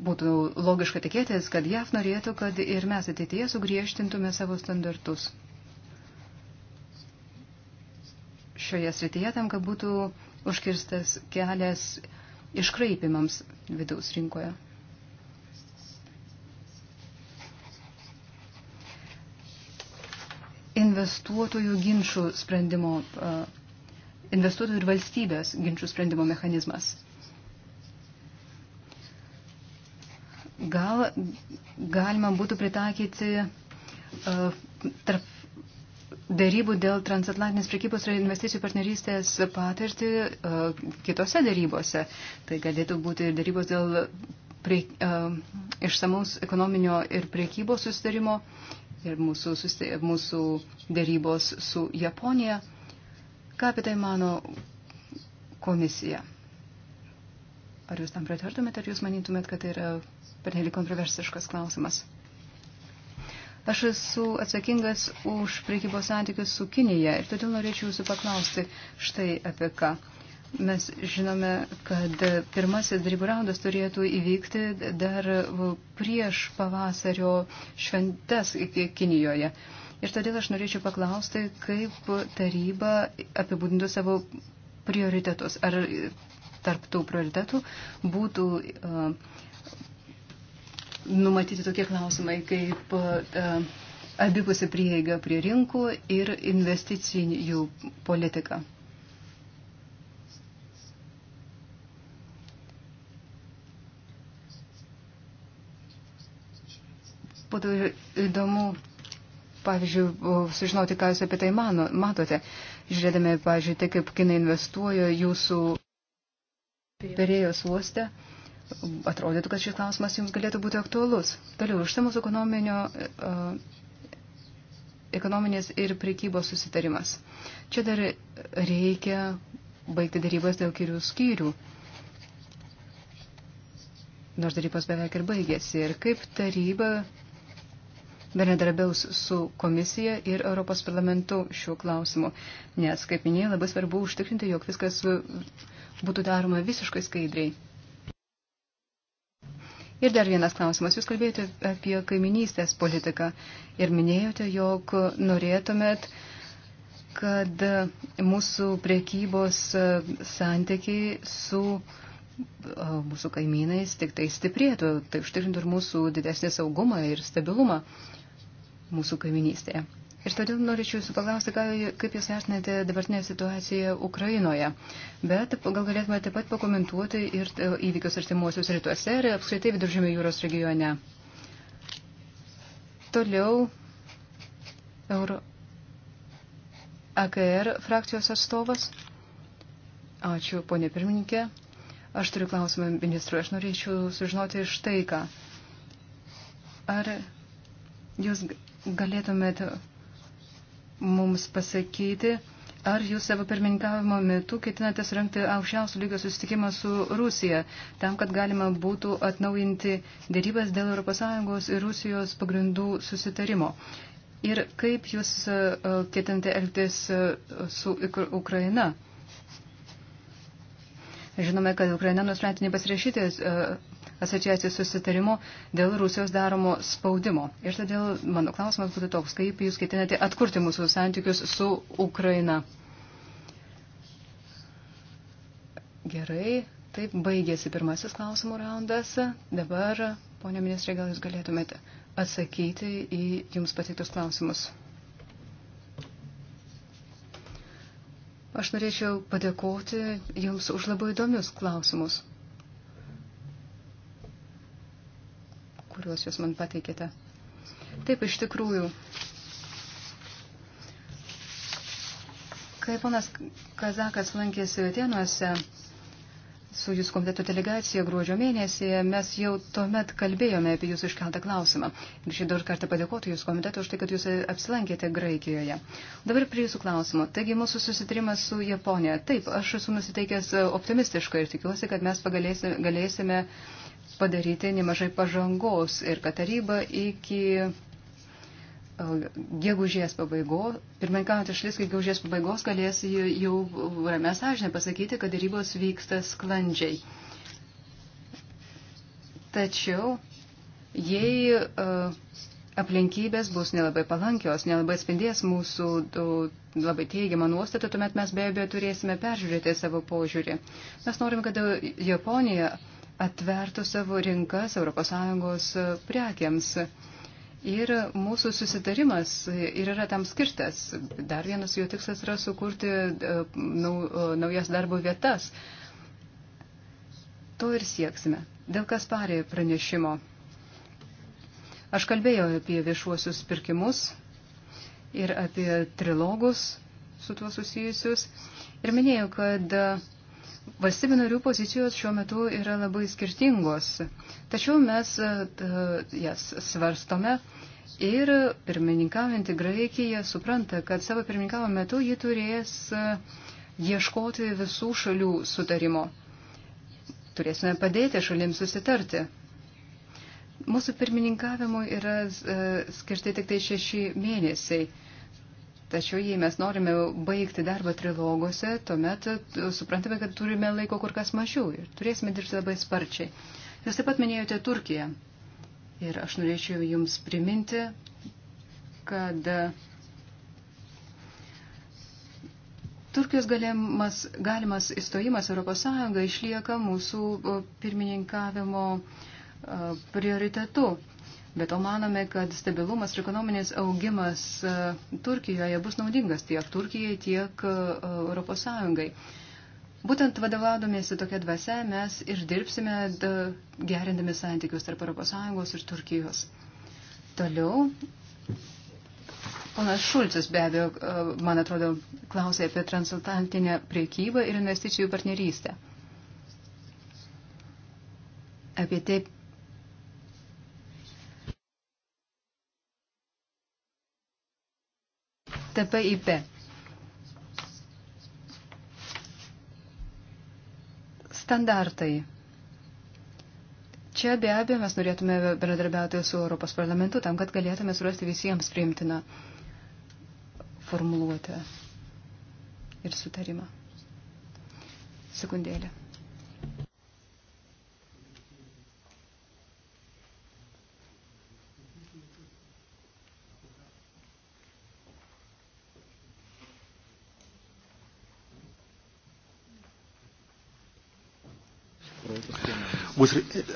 būtų logiška tikėtis, kad JAV norėtų, kad ir mes ateityje sugriežtintume savo standartus. šioje srityje tam, kad būtų užkirstas kelias iškraipimams vidaus rinkoje. Investuotojų ginčių sprendimo, investuotojų ir valstybės ginčių sprendimo mechanizmas. Gal galima būtų pritaikyti tarp darybų dėl transatlantinės prekybos ir investicijų partnerystės patirtį uh, kitose darybose. Tai galėtų būti ir darybos dėl prie, uh, e, išsamaus ekonominio ir prekybos susitarimo ir mūsų, susi, mūsų darybos su Japonija. Ką apie tai mano komisija? Ar jūs tam pritartumėte, ar jūs manytumėt, kad tai yra pernelyg kontroversiškas klausimas? Aš esu atsakingas už priekybos santykius su Kinija ir todėl norėčiau jūsų paklausti štai apie ką. Mes žinome, kad pirmasis darybų raundas turėtų įvykti dar prieš pavasario šventes Kinijoje. Ir todėl aš norėčiau paklausti, kaip taryba apibūdintų savo prioritetus. Ar tarptų prioritetų būtų uh, numatyti tokie klausimai kaip e, abipusi prieiga prie rinkų ir investicijų politika. Būtų įdomu, pavyzdžiui, sužinoti, ką jūs apie tai mano, matote, žiūrėdami, pavyzdžiui, tai kaip kinai investuoja jūsų perėjos uoste. Uh, atrodytų, kad šis klausimas jums galėtų būti aktualus. Toliau, išsamus ekonominio, e, ekonominės ir prekybos susitarimas. Čia dar reikia baigti darybas dėl kirių skyrių. Nors darybos beveik ir baigėsi. Ir kaip taryba bendradarbiaus su komisija ir Europos parlamentu šiuo klausimu. Nes, kaip minėjau, labai svarbu užtikrinti, jog viskas būtų daroma visiškai skaidriai. Ir dar vienas klausimas. Jūs kalbėjote apie kaiminystės politiką ir minėjote, jog norėtumėt, kad mūsų priekybos santykiai su mūsų kaimynais tik tai stiprėtų, tai užtikrintų ir mūsų didesnį saugumą ir stabilumą mūsų kaiminystėje. Ir todėl norėčiau jūsų paklausti, kaip jūs vertinate dabartinę situaciją Ukrainoje. Bet gal galėtume taip pat pakomentuoti ir e, įvykius artimuosius rytuose ir apskritai viduržėmio jūros regione. Toliau Euro AKR frakcijos atstovas. Ačiū, ponė pirmininkė. Aš turiu klausimą ministrui. Aš norėčiau sužinoti štai ką. Ar jūs galėtumėte mums pasakyti, ar jūs savo pirmininkavimo metu ketinate surinkti aukščiausių lygio susitikimą su Rusija, tam, kad galima būtų atnaujinti dėrybas dėl ES ir Rusijos pagrindų susitarimo. Ir kaip jūs e, e, ketinate elgtis e, su Ukraina? Žinome, kad Ukraina nusprendė nepasirašyti asociacijos susitarimo dėl Rusijos daromo spaudimo. Ir todėl mano klausimas būtų toks, kaip jūs ketinate atkurti mūsų santykius su Ukraina. Gerai, taip baigėsi pirmasis klausimų raundas. Dabar, ponia ministrė, gal jūs galėtumėte atsakyti į jums pateiktus klausimus. Aš norėčiau padėkoti jums už labai įdomius klausimus. kuriuos jūs man pateikėte. Taip, iš tikrųjų. Kai ponas Kazakas lankėsi Tienuose su jūsų komiteto delegacija gruodžio mėnesį, mes jau tuomet kalbėjome apie jūsų iškeltą klausimą. Ir šį dar kartą padėkotų jūsų komiteto už tai, kad jūs apsilankėte Graikijoje. Dabar prie jūsų klausimo. Taigi mūsų susitarimas su Japonija. Taip, aš esu nusiteikęs optimistiškai ir tikiuosi, kad mes galėsime padaryti nemažai pažangos ir kad taryba iki e, gegužės pabaigos, pirmininkavant išlis, kai gegužės pabaigos galės jau ramę sąžinę pasakyti, kad darybos vyksta sklandžiai. Tačiau, jei uh, aplinkybės bus nelabai palankios, nelabai spindės mūsų labai teigiamą nuostatą, tuomet mes be abejo turėsime peržiūrėti savo požiūrį. Mes norim, kad Japonija uh, atvertų savo rinkas ES e, prekiams. Ir mūsų susitarimas e, ir yra tam skirtas. Dar vienas jo tikslas yra sukurti e, naujas darbo vietas. To ir sieksime. Dėl kas parė pranešimo. Aš kalbėjau apie viešuosius pirkimus ir apie trilogus su tuo susijusius. Ir minėjau, kad Valstybių narių pozicijos šiuo metu yra labai skirtingos, tačiau mes e, jas svarstome ir pirmininkavinti Graikija supranta, kad savo pirmininkavo metu ji turės e, ieškoti visų šalių sutarimo. Turėsime padėti šalims susitarti. Mūsų pirmininkavimui yra e, skirti tik tai šeši mėnesiai. Tačiau jei mes norime baigti darbą trilogose, tuomet e, suprantame, kad turime laiko kur kas mažiau ir turėsime dirbti labai sparčiai. Jūs taip pat minėjote Turkiją. Ir aš norėčiau Jums priminti, kad e, Turkijos galimas, galimas įstojimas Europos Sąjungą išlieka mūsų e, pirmininkavimo prioritetu. Bet o manome, kad stabilumas ir ekonominis augimas e, Turkijoje bus naudingas tiek Turkijai, tiek e, Europos Sąjungai. Būtent vadovaudomėsi tokia dvasia mes ir dirbsime gerindami santykius tarp Europos Sąjungos ir Turkijos. Toliau. Ponas Šulcis be abejo, e, man atrodo, klausė apie transatlantinę priekybą ir investicijų partnerystę. Apie taip TPIP. Standartai. Čia be abejo mes norėtume bendradarbiauti su Europos parlamentu tam, kad galėtume surasti visiems priimtiną formuluotę ir sutarimą. Sekundėlė.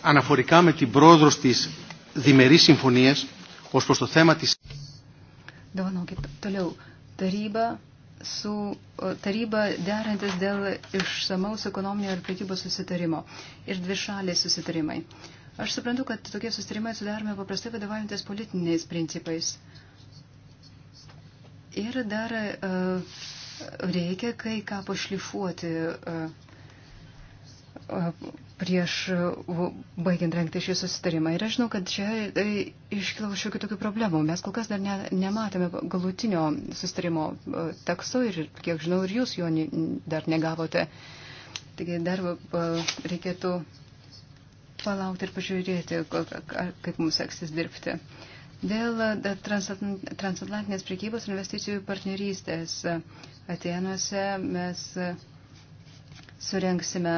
αναφορικά με την πρόοδο της διμερής συμφωνίας ως προς το θέμα της... Dovanokit, toliau taryba su taryba derantis dėl išsamaus ekonominio ir prekybos susitarimo ir dvišaliai susitarimai. Aš suprantu, kad tokie susitarimai sudaromi paprastai vadovaujantis politiniais principais. Ir dar uh, reikia kai ką pašlifuoti uh, uh, prieš baigiant rengti šį susitarimą. Ir aš žinau, kad čia e, iškilo šiokių tokių problemų. Mes kol kas dar ne, nematėme galutinio susitarimo e, teksto ir, kiek žinau, ir jūs jo dar negavote. Taigi dar e, reikėtų palaukti ir pažiūrėti, kaip mums seksis dirbti. Dėl transatlantinės priekybos investicijų partnerystės Atenuose mes surenksime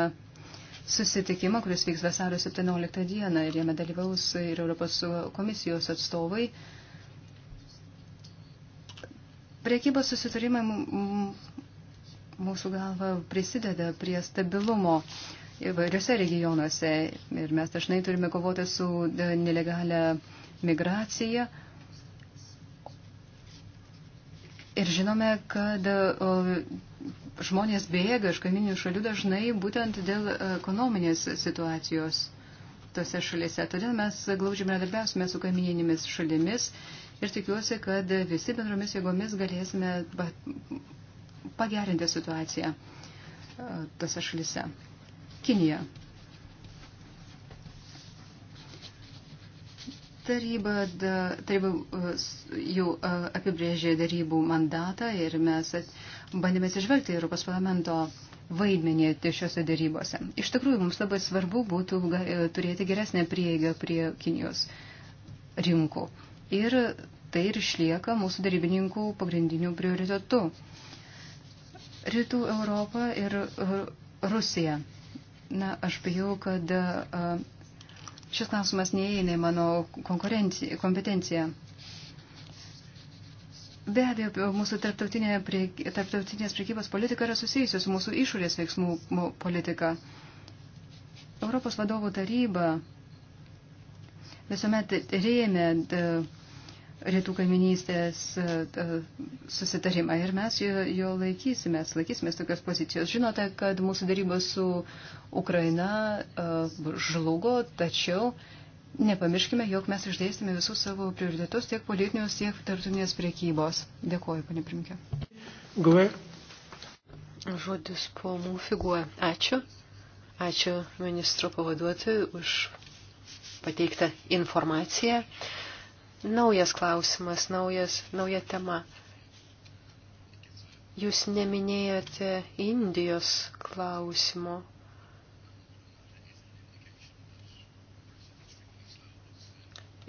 susitikimą, kuris vyks vasario 17 dieną ir jame dalyvaus ir Europos komisijos atstovai. Priekybos susitarimai mūsų galva prisideda prie stabilumo įvairiose regionuose ir mes dažnai turime kovoti su e, nelegalia migracija. Ir žinome, kad žmonės bėga iš kaiminių šalių dažnai būtent dėl ekonominės situacijos tose šalise. Todėl mes glaudžiai bendradarbiausime su kaimininėmis šalimis ir tikiuosi, kad visi bendromis jėgomis galėsime pagerinti situaciją e, tose šalise. Kinija. Taryba, taryba e, jau e, apibrėžė darybų mandatą ir mes bandėme atsižvelgti Europos parlamento vaidmenį šiuose darybose. Iš tikrųjų, mums labai svarbu būtų e, turėti geresnę prieigą prie Kinijos rinkų. Ir tai ir išlieka mūsų darybininkų pagrindinių prioritetų. Rytų Europa ir Rusija. Na, aš bijau, kad Šis klausimas neįeina į mano kompetenciją. Be abejo, mūsų tarptautinė prie, tarptautinės priekybos politika yra susijusi su mūsų išorės veiksmų politika. Europos vadovų taryba visuomet rėmė rytų kaiminystės e, e, susitarimą ir mes jo, jo laikysimės, laikysimės tokios pozicijos. Žinote, kad mūsų darybos su Ukraina e, žlugo, tačiau nepamirškime, jog mes išdėstėme visus savo prioritetus tiek politinius, tiek tartunės priekybos. Dėkuoju, panė Primkė. Gue. Žodis po mūsų figūra. Ačiū. Ačiū ministro pavaduotojui už pateiktą informaciją naujas klausimas, naujas, nauja tema. Jūs neminėjote Indijos klausimo.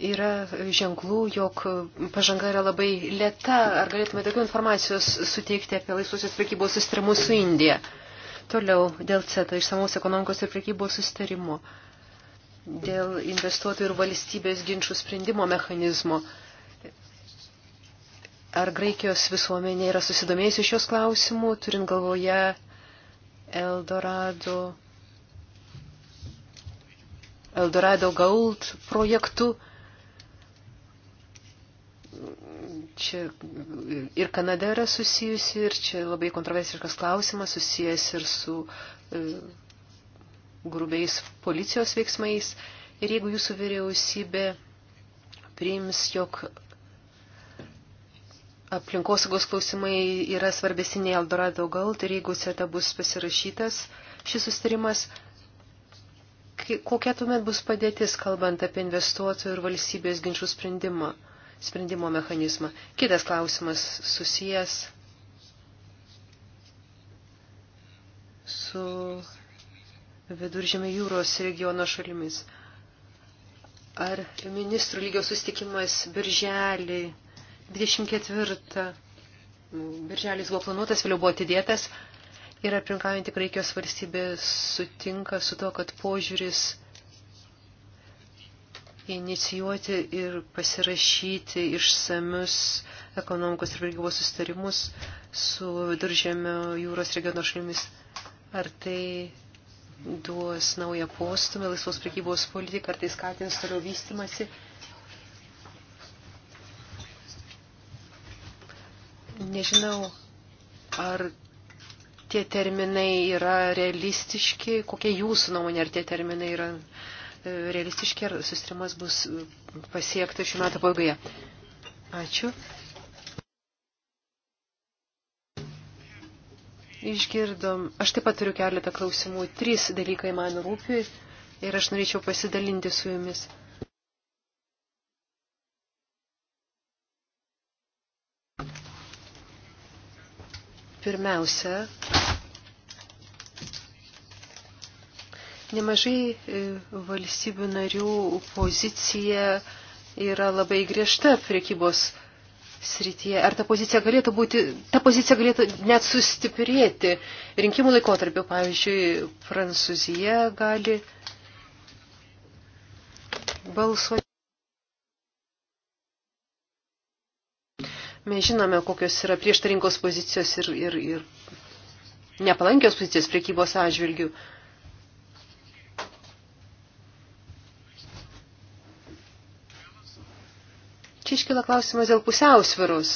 Yra ženklų, jog pažanga yra labai lėta. Ar galėtume daugiau informacijos suteikti apie laisvosios prekybos sustarimus su Indija? Toliau dėl CETA išsamaus ekonomikos ir prekybos sustarimo. Uh, dėl investuotojų ir valstybės ginčių sprendimo mechanizmo. Ar Graikijos visuomenė yra susidomėjusi šios klausimų, turint galvoje Eldorado, Eldorado Gold projektų? Čia ir Kanada yra susijusi, ir čia labai kontroversiškas klausimas susijęs ir su uh, grubiais policijos veiksmais ir jeigu jūsų vyriausybė priims, jog aplinkosaugos klausimai yra svarbesi nei Eldorado Gold ir jeigu CETA bus pasirašytas šis sustarimas, kokia tuomet bus padėtis, kalbant apie investuotojų ir valstybės ginčių sprendimą, sprendimo mechanizmą. Kitas klausimas susijęs su viduržėmė jūros regiono šalimis. Ar ministrų lygio sustikimas birželį 24. Birželis buvo planuotas, vėliau buvo atidėtas ir aprinkaujant tik Graikijos valstybė sutinka su to, kad požiūris inicijuoti ir pasirašyti išsamius ekonomikos ir prekybos sustarimus su viduržėmio jūros regiono šalimis. Ar tai duos naują postumį laisvos prekybos politiką, ar tai skatins toliau vystimasi. Nežinau, ar tie terminai yra realistiški, kokia jūsų nuomonė, ar tie terminai yra e, realistiški, ar sustrimas bus e, pasiektas šių metų pabaigoje. Ačiū. Išgirdom. Aš taip pat turiu keletą klausimų. Trys dalykai man rūpi ir aš norėčiau pasidalinti su jumis. Pirmiausia, nemažai e, valstybių narių pozicija yra labai griežta priekybos srityje. Ar ta pozicija galėtų būti, ta pozicija galėtų net sustiprėti rinkimų laikotarpiu. Pavyzdžiui, Prancūzija gali balsuoti. Mes žinome, kokios yra prieštaringos pozicijos ir, ir, ir nepalankios pozicijos priekybos atžvilgių. Uh, čia iškyla klausimas dėl pusiausvirus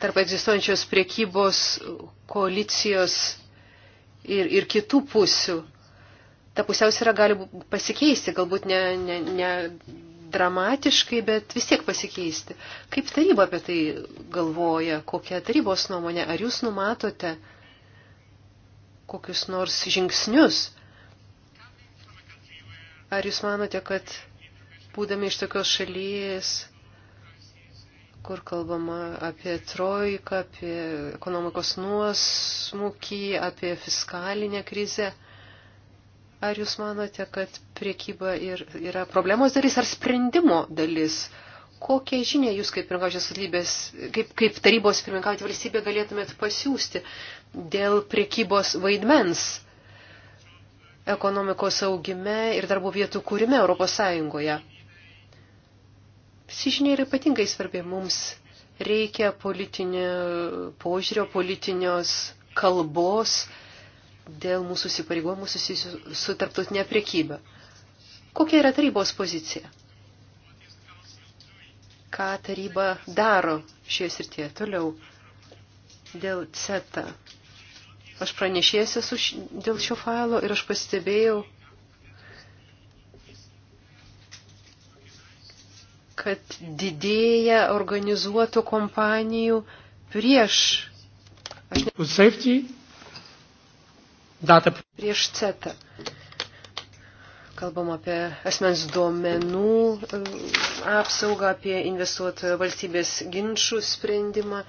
tarp egzistuojančios priekybos koalicijos ir, ir kitų pusių. Ta pusiausvyrą gali pasikeisti, galbūt ne, ne, ne dramatiškai, bet vis tiek pasikeisti. Kaip taryba apie tai galvoja, kokia tarybos nuomonė, ar jūs numatote kokius nors žingsnius? Ar jūs manote, kad būdami iš tokios šalies kur kalbama apie trojką, apie ekonomikos nuosmukį, apie fiskalinę krizę. Ar jūs manote, kad priekyba ir, yra problemos dalis ar sprendimo dalis? Kokią žinę jūs kaip pirmininkaujančios valstybės, kaip, kaip tarybos pirmininkauti valstybė galėtumėt pasiūsti dėl priekybos vaidmens ekonomikos augime ir darbo vietų kūrime Europos Sąjungoje? Ši žinia yra ypatingai svarbi. Mums reikia politinio požiūrio, politinios kalbos dėl mūsų įsipareigojimų susijusių su tarptautinė priekyba. Kokia yra tarybos pozicija? Ką taryba daro šioje srityje toliau dėl CETA? Aš pranešėsiu dėl šio failo ir aš pastebėjau, kad didėja organizuotų kompanijų prieš. Aš ne... Data. Prieš CETA. Kalbam apie asmens duomenų e, apsaugą, apie investuotojo valstybės ginčių sprendimą.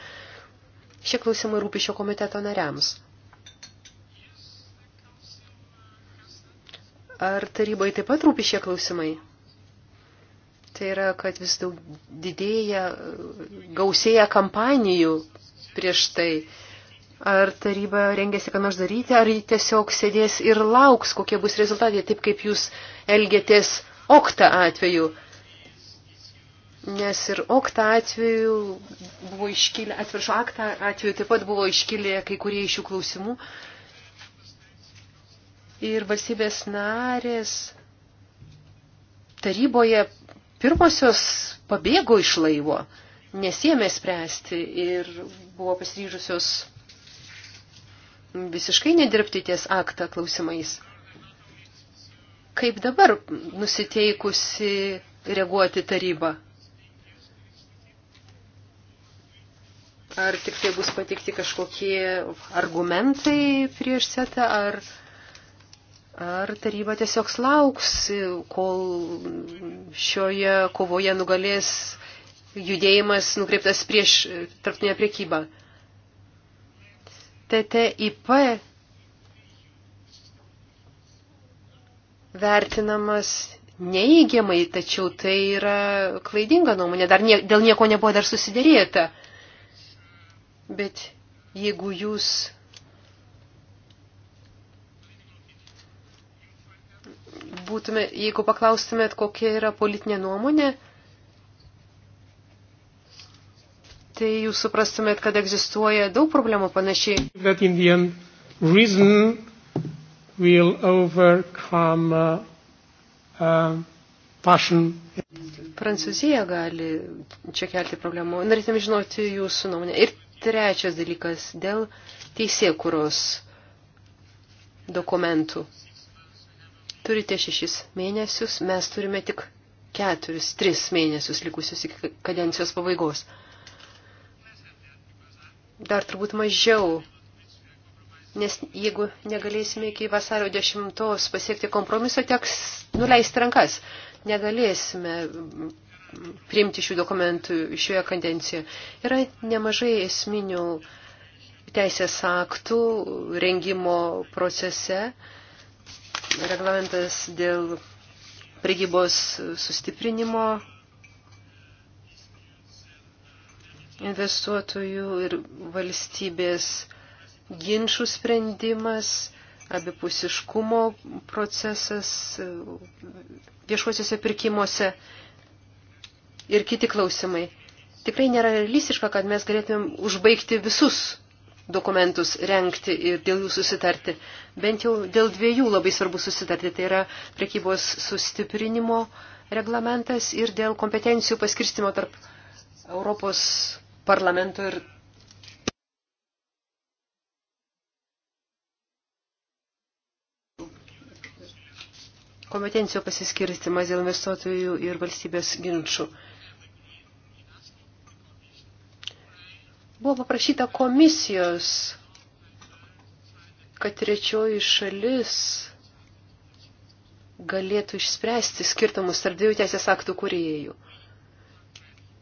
Šie klausimai rūpi šio komiteto nariams. Ar tarybai taip pat rūpi šie klausimai? Tai yra, kad vis daug didėja, gausėja kampanijų prieš tai. Ar taryba rengiasi ką nors daryti, ar ji tiesiog sėdės ir lauks, kokie bus rezultatai, taip kaip jūs elgėtės okta atveju. Nes ir okta atveju buvo iškilę, atsiprašau, akta atveju taip pat buvo iškilę kai kurie iš šių klausimų. Ir valstybės narės taryboje pirmosios pabėgo iš laivo, nesėmė spręsti ir buvo pasiryžusios visiškai nedirbti ties aktą klausimais. Kaip dabar nusiteikusi reaguoti taryba? Ar tik tai bus patikti kažkokie argumentai prieš setą, ar Ar taryba tiesiog lauks, kol šioje kovoje nugalės judėjimas nukreiptas prieš tarptinę priekybą? TTIP vertinamas neįgiamai, tačiau tai yra klaidinga nuomonė, dar nie, dėl nieko nebuvo dar susidėrėta. Bet jeigu jūs būtume, jeigu paklaustumėt, kokia yra politinė nuomonė, tai jūs suprastumėt, kad egzistuoja daug problemų panašiai. Will overcome, uh, uh, passion. Prancūzija gali čia kelti problemų. Norėtume žinoti jūsų nuomonę. Ir trečias dalykas dėl teisėkuros dokumentų turite šešis mėnesius, mes turime tik keturis, tris mėnesius likusius iki kadencijos pabaigos. Dar turbūt mažiau, nes jeigu negalėsime iki vasario 10 pasiekti kompromiso, teks nuleisti rankas. Negalėsime priimti šių dokumentų šioje kadencijoje. Yra nemažai esminių teisės aktų rengimo procese reglamentas dėl prekybos sustiprinimo investuotojų ir valstybės ginčių sprendimas, abipusiškumo procesas viešuosiuose pirkimuose ir kiti klausimai. Tikrai nėra realistiška, kad mes galėtumėm užbaigti visus dokumentus renkti ir dėl jų susitarti. Bent jau dėl dviejų labai svarbu susitarti. Tai yra prekybos sustiprinimo reglamentas ir dėl kompetencijų paskirstimo tarp Europos parlamento ir kompetencijų pasiskirstimas dėl investuotojų ir valstybės ginčių. Buvo paprašyta komisijos, kad trečioji šalis galėtų išspręsti skirtumus tarp dviejų teisės aktų kūrėjų.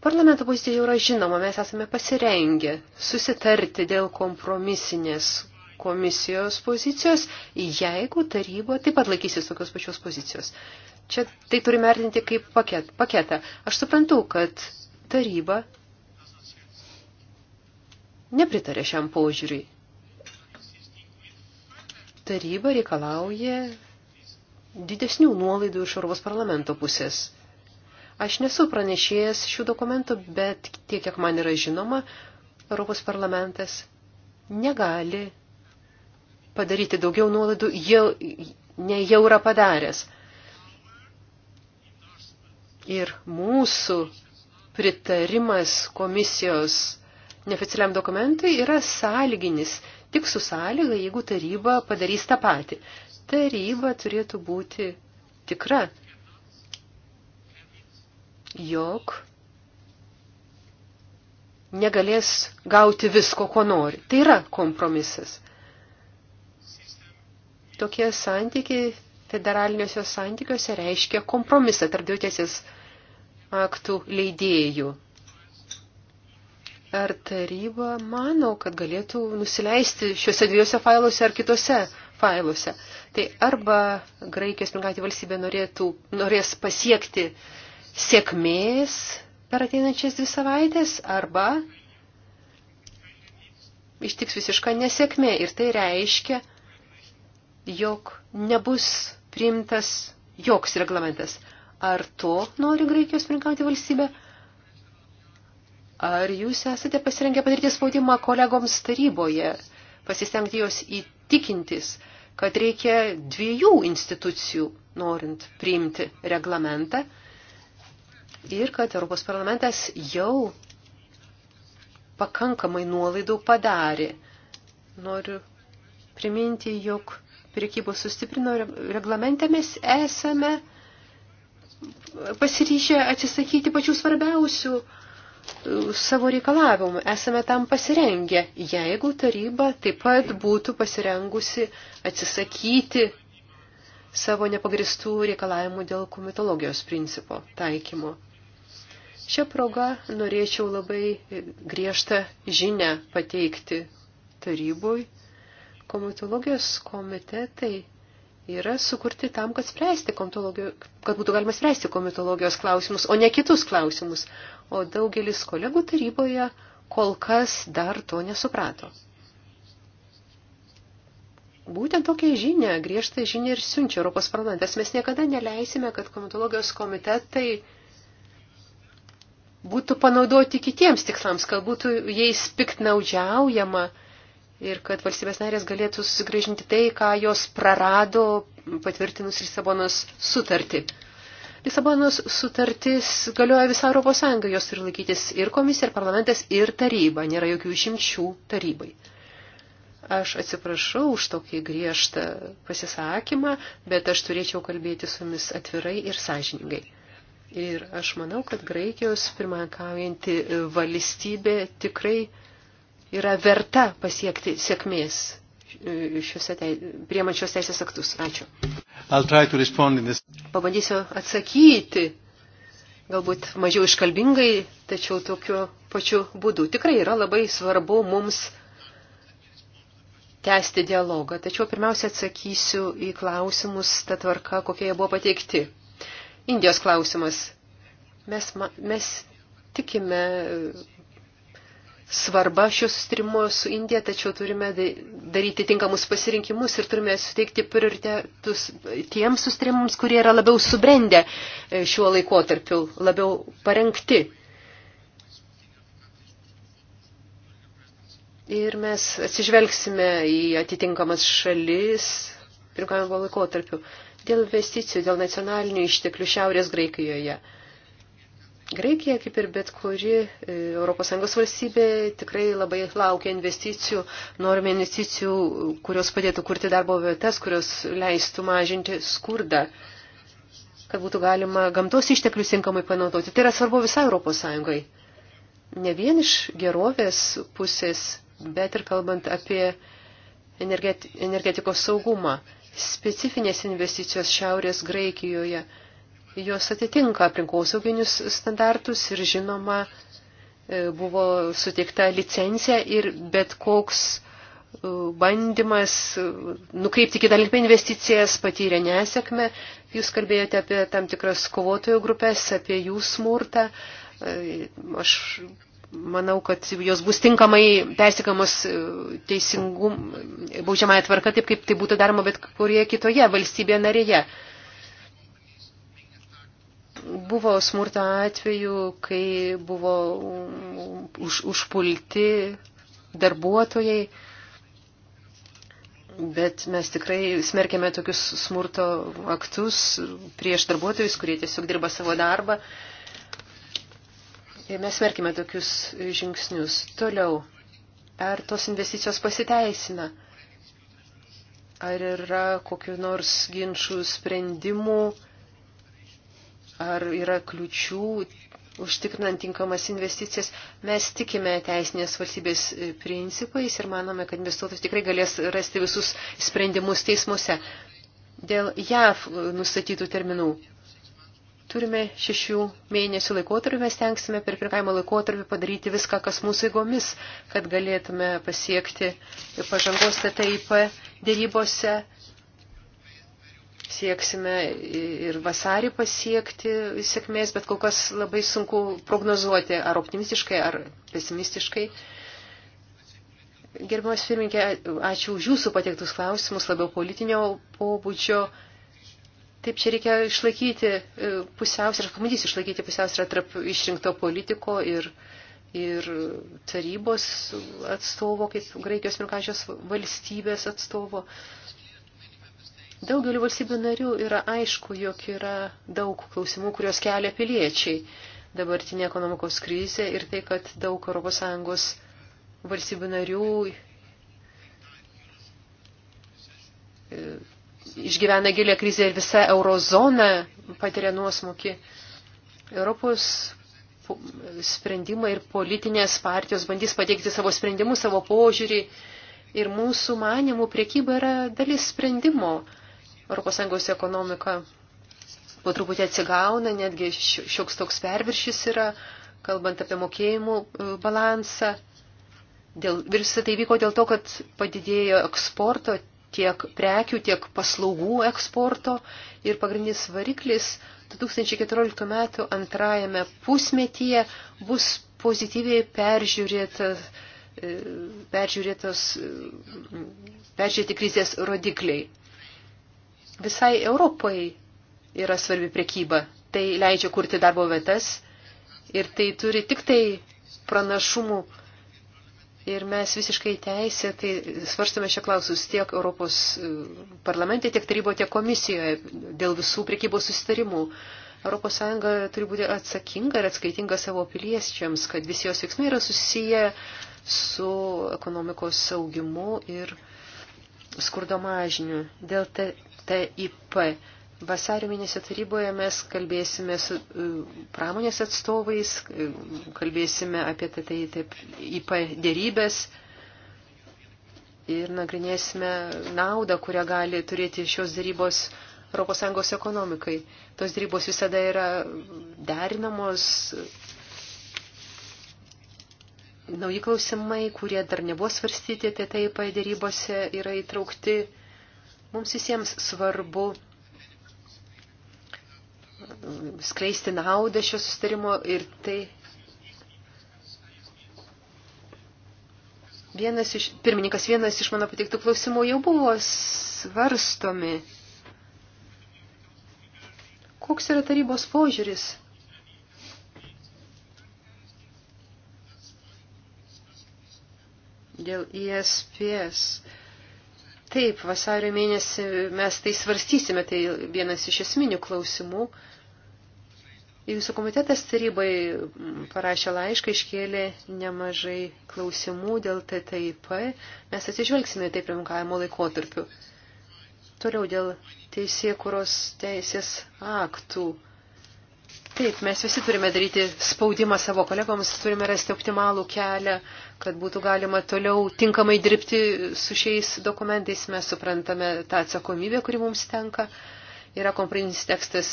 Parlamento pozicija jau yra žinoma, mes esame pasirengę susitarti dėl kompromisinės komisijos pozicijos, jeigu taryba taip pat laikysis tokios pačios pozicijos. Čia tai turime vertinti kaip paket, paketą. Aš suprantu, kad taryba nepritarė šiam požiūriui. Taryba reikalauja didesnių nuolaidų iš Europos parlamento pusės. Aš nesu pranešėjęs šių dokumentų, bet tiek, kiek man yra žinoma, Europos parlamentas negali padaryti daugiau nuolaidų, jau, ne jau yra padaręs. Ir mūsų pritarimas komisijos neoficialiam dokumentui yra sąlyginis, tik su sąlyga, jeigu taryba padarys tą patį. Taryba turėtų būti tikra, jog negalės gauti visko, ko nori. Tai yra kompromisas. Tokie santykiai federaliniuose santykiuose reiškia kompromisą tarp dviejų teisės aktų leidėjų. Ar taryba mano, kad galėtų nusileisti šiuose dviejose failuose ar kitose failuose? Tai arba Graikijos pirmininkauti valstybė norėtų, norės pasiekti sėkmės per ateinančias dvi savaitės, arba ištiks visiška nesėkmė. Ir tai reiškia, jog nebus priimtas joks reglamentas. Ar to nori Graikijos pirmininkauti valstybė, Ar jūs esate pasirengę padaryti spaudimą kolegoms taryboje, pasistengti jos įtikintis, kad reikia dviejų institucijų, norint priimti reglamentą, ir kad Europos parlamentas jau pakankamai nuolaidų padarė. Noriu priminti, jog priekybos sustiprino reglamente mes esame pasiryžę atsisakyti pačių svarbiausių uh, savo reikalavimų. Esame tam pasirengę, jeigu taryba taip pat būtų pasirengusi atsisakyti savo nepagristų reikalavimų dėl komitologijos principo taikymo. Šią progą norėčiau labai griežtą žinę pateikti tarybui. Komitologijos komitetai yra sukurti tam, kad, spręsti kad būtų galima spręsti komitologijos klausimus, o ne kitus klausimus o daugelis kolegų taryboje kol kas dar to nesuprato. Būtent tokią žinę, griežtą žinę ir siunčia Europos parlamentas. Mes niekada neleisime, kad komitologijos komitetai būtų panaudoti kitiems tikslams, kad būtų jais piktnaudžiaujama ir kad valstybės narės galėtų susigražinti tai, ką jos prarado patvirtinus Lisabonos sutartį. Lisabonos sutartis galioja visą Europos Sąjungą, jos turi laikytis ir komisija, ir parlamentas, ir taryba, nėra jokių išimčių tarybai. Aš atsiprašau už tokį griežtą pasisakymą, bet aš turėčiau kalbėti su jumis atvirai ir sąžiningai. Ir aš manau, kad Graikijos pirmankaujanti valstybė tikrai yra verta pasiekti sėkmės šiuose tei, priemančios teisės aktus. Ačiū. Pabandysiu atsakyti, galbūt mažiau iškalbingai, tačiau tokiu pačiu būdu. Tikrai yra labai svarbu mums tęsti dialogą, tačiau pirmiausia atsakysiu į klausimus tą tvarką, kokie jie buvo pateikti. Indijos klausimas. Mes, mes tikime svarba šio sustrimo su Indija, tačiau turime daryti tinkamus pasirinkimus ir turime suteikti prioritetus tiems sustrimams, kurie yra labiau subrendę e, šiuo laikotarpiu, labiau parengti. Ir mes atsižvelgsime į atitinkamas šalis pirkavimo laikotarpiu dėl investicijų, dėl nacionalinių išteklių Šiaurės Graikijoje. Graikija, kaip ir bet kuri ES valstybė, tikrai labai laukia investicijų, norime investicijų, kurios padėtų kurti darbo vietas, kurios leistų mažinti skurdą, kad būtų galima gamtos išteklius tinkamai panaudoti. Tai yra svarbu visai ES. Ne vien iš gerovės pusės, bet ir kalbant apie energetikos saugumą. Specifinės investicijos Šiaurės Graikijoje – jos atitinka aplinkosauginius standartus ir žinoma e, buvo suteikta licencija ir bet koks e, bandymas e, nukreipti kitą linkmę investicijas patyrė nesėkmę. Jūs kalbėjote apie tam tikras kovotojų grupės, apie jų smurtą. Aš manau, kad jos bus tinkamai persikamos teisingum, baudžiamąją tvarką, taip kaip tai būtų daroma bet kurioje kitoje valstybėje narėje. Buvo smurto atveju, kai buvo už, užpulti darbuotojai, bet mes tikrai smerkėme tokius smurto aktus prieš darbuotojus, kurie tiesiog dirba savo darbą. Ir mes smerkime tokius žingsnius. Toliau, ar tos investicijos pasiteisina? Ar yra kokiu nors ginčių sprendimų? ar yra kliučių užtikrinant tinkamas investicijas. Mes tikime teisinės valstybės e, principais ir manome, kad investuotojas tikrai galės rasti visus sprendimus teismuose. Dėl JAV e, nustatytų terminų turime šešių mėnesių laikotarpį, mes tenksime per pirkavimo laikotarpį padaryti viską, kas mūsų įgomis, kad galėtume pasiekti pažangos TTIP dėrybose sieksime ir vasarį pasiekti sėkmės, bet kol kas labai sunku prognozuoti, ar optimistiškai, ar pesimistiškai. Gerbiamas pirminkė, ačiū už jūsų pateiktus klausimus, labiau politinio pobūdžio. Taip, čia reikia išlaikyti e, pusiausvyrą, pamatys išlaikyti pusiausvyrą tarp išrinkto politiko ir, ir tarybos atstovo, kaip Graikijos mirkačios valstybės atstovo. Uh, Daugeliu valstybių narių yra aišku, jog yra daug klausimų, kurios kelia piliečiai. Dabartinė ekonomikos krizė ir tai, kad daug ES valstybių narių e, išgyvena gilę krizę ir visa eurozona patiria nuosmukį. Europos sprendimai ir politinės partijos bandys pateikti savo sprendimus, savo požiūrį. Ir mūsų manimų priekyba yra dalis sprendimo. ES ekonomika po truputį atsigauna, netgi šioks toks perviršis yra, kalbant apie mokėjimų e, balansą. Dėl, visą tai vyko dėl to, kad padidėjo eksporto tiek prekių, tiek paslaugų eksporto ir pagrindinis variklis 2014 metų antrajame pusmetyje bus pozityviai peržiūrėta, e, peržiūrėtos, e, peržiūrėti krizės rodikliai. Visai Europai yra svarbi prekyba. Tai leidžia kurti darbo vietas ir tai turi tik tai pranašumų. Ir mes visiškai teisė, tai svarstame šią klausus tiek Europos e, parlamente, tiek taryboje, tiek komisijoje dėl visų priekybos susitarimų. Europos Sąjunga turi būti atsakinga ir atskaitinga savo piliečiams, kad visi jos veiksmai yra susiję su ekonomikos saugimu ir skurdo mažiniu. Dėl TIP. Vasario mėnesio taryboje mes kalbėsime su e, pramonės atstovais, e, kalbėsime apie TTIP dėrybės ir nagrinėsime naudą, kurią gali turėti šios dėrybos ES ekonomikai. Tos dėrybos visada yra derinamos, nauji klausimai, kurie dar nebuvo svarstyti, tai taip dėrybose yra įtraukti Mums visiems svarbu skleisti naudą šio sustarimo ir tai vienas iš, pirmininkas vienas iš mano pateiktų klausimų jau buvo svarstomi. Koks yra tarybos požiūris? Dėl ISPS Taip, vasario mėnesį mes tai svarstysime, tai vienas iš esminių klausimų. Jūsų komitetas tarybai parašė laišką, iškėlė nemažai klausimų dėl TTIP. Mes atsižvelgsime taip pirmkavimo laikotarpiu. Toliau dėl teisėkuros teisės aktų. Taip, mes visi turime daryti spaudimą savo kolegoms, turime rasti optimalų kelią kad būtų galima toliau tinkamai dirbti su šiais dokumentais. Mes suprantame tą atsakomybę, kuri mums tenka. Yra kompromisinis tekstas,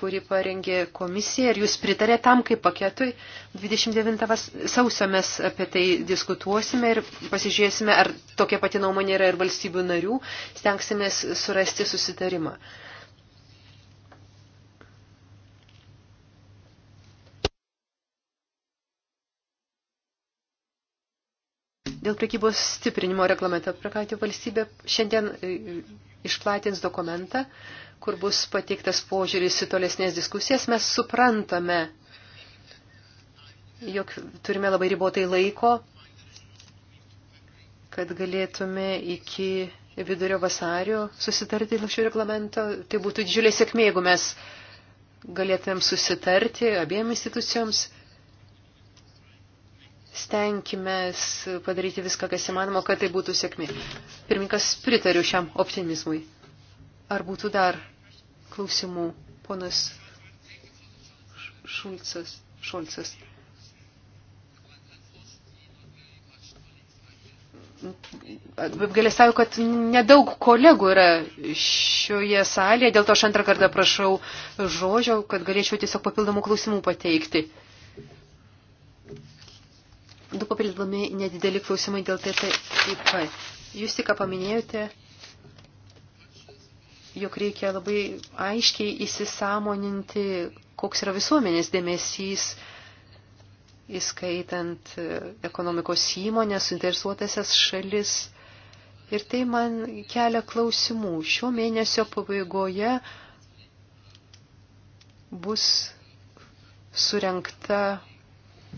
kurį parengė komisija ir jūs pritarė tam kaip paketui. 29 sausio mes apie tai diskutuosime ir pasižiūrėsime, ar tokia pati nuomonė yra ir valstybių narių. Stengsimės surasti susitarimą. Dėl prekybos stiprinimo reglamento prekaitė valstybė šiandien e, e, išplatins dokumentą, kur bus pateiktas požiūris į tolesnės diskusijas. Mes suprantame, jog turime labai ribotai laiko, kad galėtume iki vidurio vasario susitarti dėl šio reglamento. Tai būtų didžiulė sėkmė, jeigu mes galėtumėm susitarti abiem institucijoms Stenkimės padaryti viską, kas įmanoma, kad tai būtų sėkmė. Pirmininkas, pritariu šiam optimizmui. Ar būtų dar klausimų, ponas Šulcas? Šulcas. Galėsau, kad nedaug kolegų yra šioje salėje, dėl to aš antrą kartą prašau žodžio, kad galėčiau tiesiog papildomų klausimų pateikti du papildomi nedideli klausimai dėl TTIP. Jūs tik paminėjote, jog reikia labai aiškiai įsisamoninti, koks yra visuomenės dėmesys, įskaitant e, ekonomikos įmonės, suinteresuotasias šalis. Ir tai man kelia klausimų. Šio mėnesio pabaigoje bus surenkta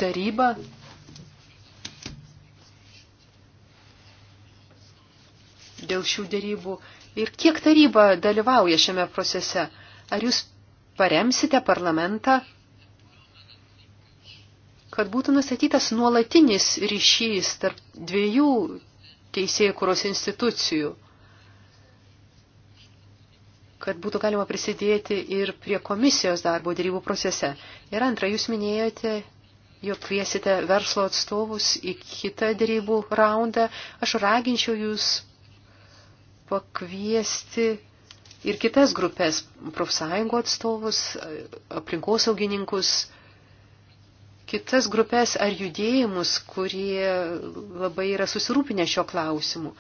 taryba dėl šių dėrybų ir kiek taryba dalyvauja šiame procese. Ar jūs paremsite parlamentą, kad būtų nustatytas nuolatinis ryšys tarp dviejų teisėjų kuros institucijų, kad būtų galima prisidėti ir prie komisijos darbo dėrybų procese. Ir antra, jūs minėjote, jog kviesite verslo atstovus į kitą dėrybų raundą. Aš raginčiau jūs pakviesti ir kitas grupės profsąjungų atstovus, aplinkosaugininkus, kitas grupės ar judėjimus, kurie labai yra susirūpinę šio klausimu.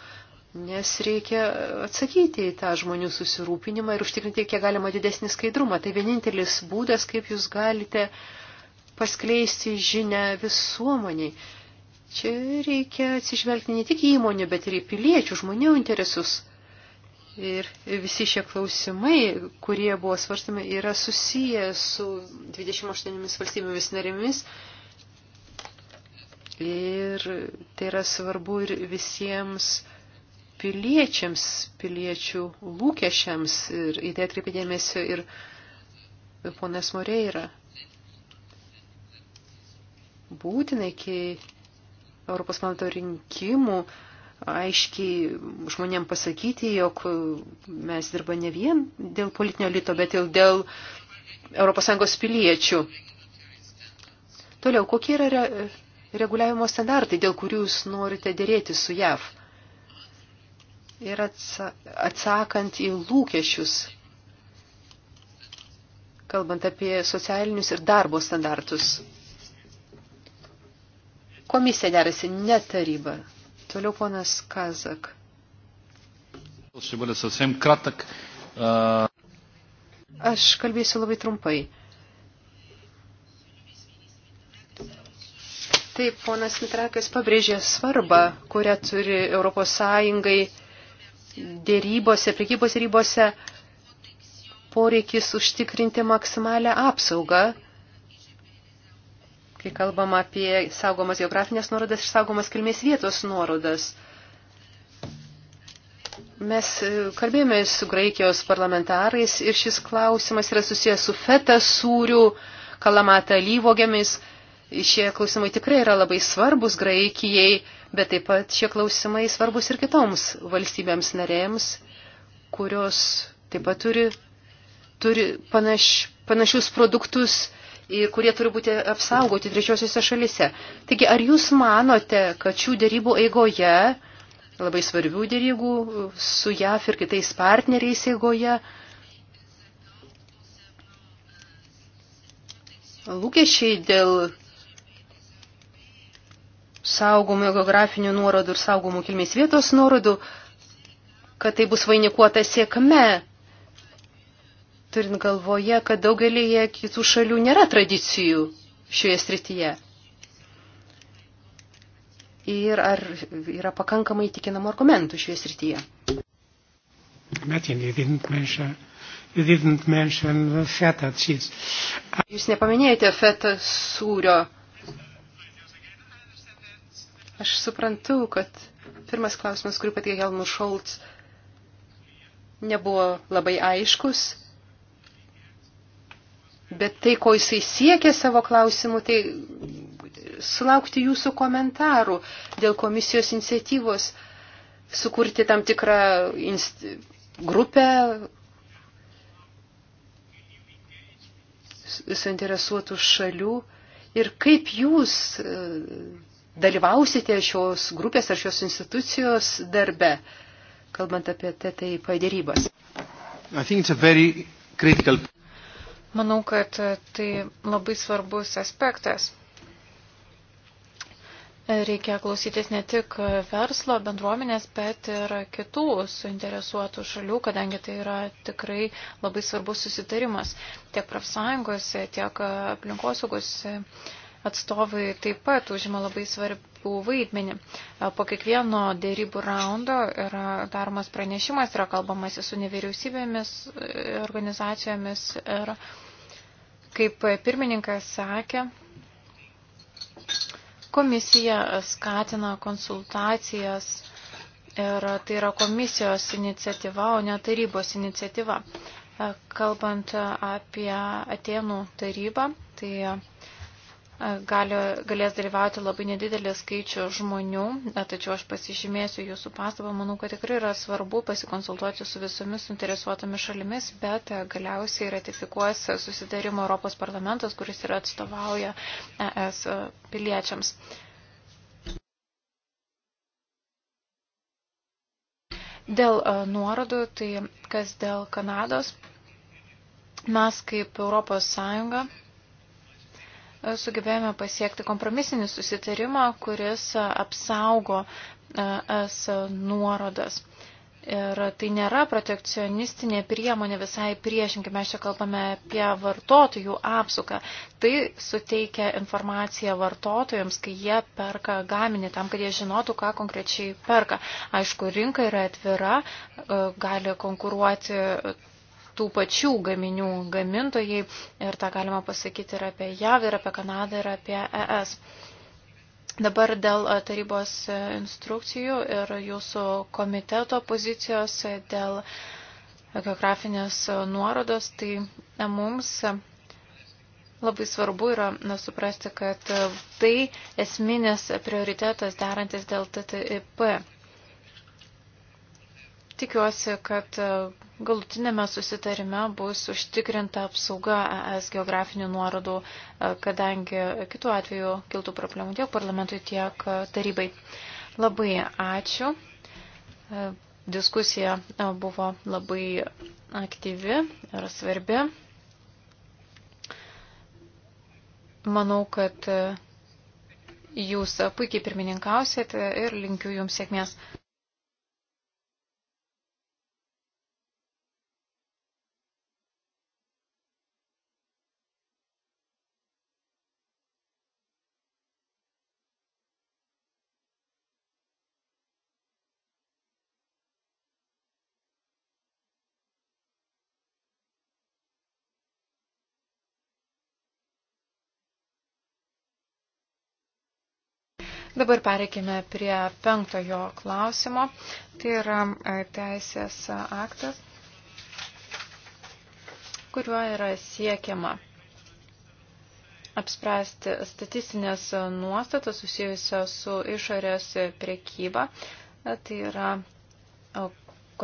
Nes reikia atsakyti į tą žmonių susirūpinimą ir užtikrinti, kiek galima didesnį skaidrumą. Tai vienintelis būdas, kaip jūs galite paskleisti žinę visuomoniai. Čia reikia atsižvelgti ne tik įmonių, bet ir į piliečių žmonių interesus. Ir visi šie klausimai, kurie buvo svarstami, yra susiję su 28 valstybėmis narėmis. Ir tai yra svarbu ir visiems piliečiams, piliečių lūkesčiams. Ir į tai atkreipė dėmesio ir ponas Moreira. Būtinai iki Europos parlamento rinkimų aiškiai žmonėm pasakyti, jog mes dirba ne vien dėl politinio lito, bet ir dėl ES piliečių. Toliau, kokie yra re, reguliavimo standartai, dėl kurių jūs norite dėrėti su JAV? Ir atsa, atsakant į lūkesčius, kalbant apie socialinius ir darbo standartus. Komisija derasi, ne taryba. Toliau ponas Kazak. Aš kalbėsiu labai trumpai. Taip, ponas Mitrakas pabrėžė svarbą, kurią turi Europos Sąjungai dėrybose, prekybos dėrybose poreikis užtikrinti maksimalę apsaugą kai kalbam apie saugomas geografinės nuorodas ir saugomas kilmės vietos nuorodas. Mes e, kalbėjome su Graikijos parlamentarais ir šis klausimas yra susijęs su feta sūriu, kalamata lyvogėmis. Šie klausimai tikrai yra labai svarbus Graikijai, bet taip pat šie klausimai svarbus ir kitoms valstybėms narėms, kurios taip pat turi, turi panaš, panašius produktus kurie turi būti apsaugoti trečiosiuose šalise. Taigi, ar jūs manote, kad šių dėrybų eigoje, labai svarbių dėrybų su JAF ir kitais partneriais eigoje, lūkesčiai dėl saugomų geografinių nuorodų ir saugomų kilmės vietos nuorodų, kad tai bus vainikuota sėkme turint galvoje, kad daugelėje kitų šalių nėra tradicijų šioje srityje. Ir ar yra pakankamai įtikinamų argumentų šioje srityje? Martin, you didn't mention, you didn't mention the feta cheese. Jūs nepaminėjote feta sūrio. Aš suprantu, kad pirmas klausimas, kurį patikė Helmut Scholz, nebuvo labai aiškus Bet tai, ko jisai siekia savo klausimu, tai sulaukti jūsų komentarų dėl komisijos iniciatyvos, sukurti tam tikrą inst... grupę suinteresuotų šalių ir kaip jūs e, dalyvausite šios grupės ar šios institucijos darbe, kalbant apie tai, tai padarybas. Critical... Manau, kad e, tai labai svarbus aspektas. Reikia klausytis ne tik verslo bendruomenės, bet ir kitų suinteresuotų šalių, kadangi tai yra tikrai labai svarbus susitarimas. Tiek profsąjungos, tiek aplinkosaugos atstovai taip pat užima labai svarbių vaidmenį. Po kiekvieno dėrybų raundo yra daromas pranešimas, yra kalbamasi su nevyriausybėmis e, organizacijomis ir. Er, Kaip pirmininkas sakė, komisija skatina konsultacijas ir tai yra komisijos iniciatyva, o ne tarybos iniciatyva. Kalbant apie Atenų tarybą, tai gali, galės dalyvauti labai nedidelį skaičių žmonių, tačiau aš pasižymėsiu jūsų pastabą. Manau, kad tikrai yra svarbu pasikonsultuoti su visomis suinteresuotomis šalimis, bet galiausiai ratifikuos susidarimo Europos parlamentas, kuris yra atstovauja ES piliečiams. Dėl nuorodų, tai kas dėl Kanados, mes kaip Europos Sąjunga sugebėjome pasiekti kompromisinį susitarimą, kuris apsaugo e, es nuorodas. Ir tai nėra protekcionistinė priemonė visai priešinkai, mes čia kalbame apie vartotojų apsuką. Tai suteikia informaciją vartotojams, kai jie perka gaminį, tam, kad jie žinotų, ką konkrečiai perka. Aišku, rinka yra atvira, e, gali konkuruoti tų pačių gaminių gamintojai ir tą galima pasakyti ir apie JAV, ir apie Kanadą, ir apie ES. Dabar dėl e, tarybos e, instrukcijų ir jūsų komiteto pozicijos e, dėl geografinės nuorodos, tai mums labai svarbu yra na, suprasti, kad tai esminis prioritetas derantis dėl TTIP. Tikiuosi, kad Galutinėme susitarime bus užtikrinta apsauga ES geografinių nuorodų, e, kadangi kitų atveju kiltų problemų tiek parlamentui, tiek e, tarybai. Labai ačiū. E, diskusija buvo labai aktyvi ir svarbi. Manau, kad jūs puikiai pirmininkausite ir linkiu jums sėkmės. Dabar pareikime prie penktojo klausimo. Tai yra e, teisės aktas, kuriuo yra siekiama apspręsti statistinės nuostatas susijusios su išorės priekyba. E, tai yra e,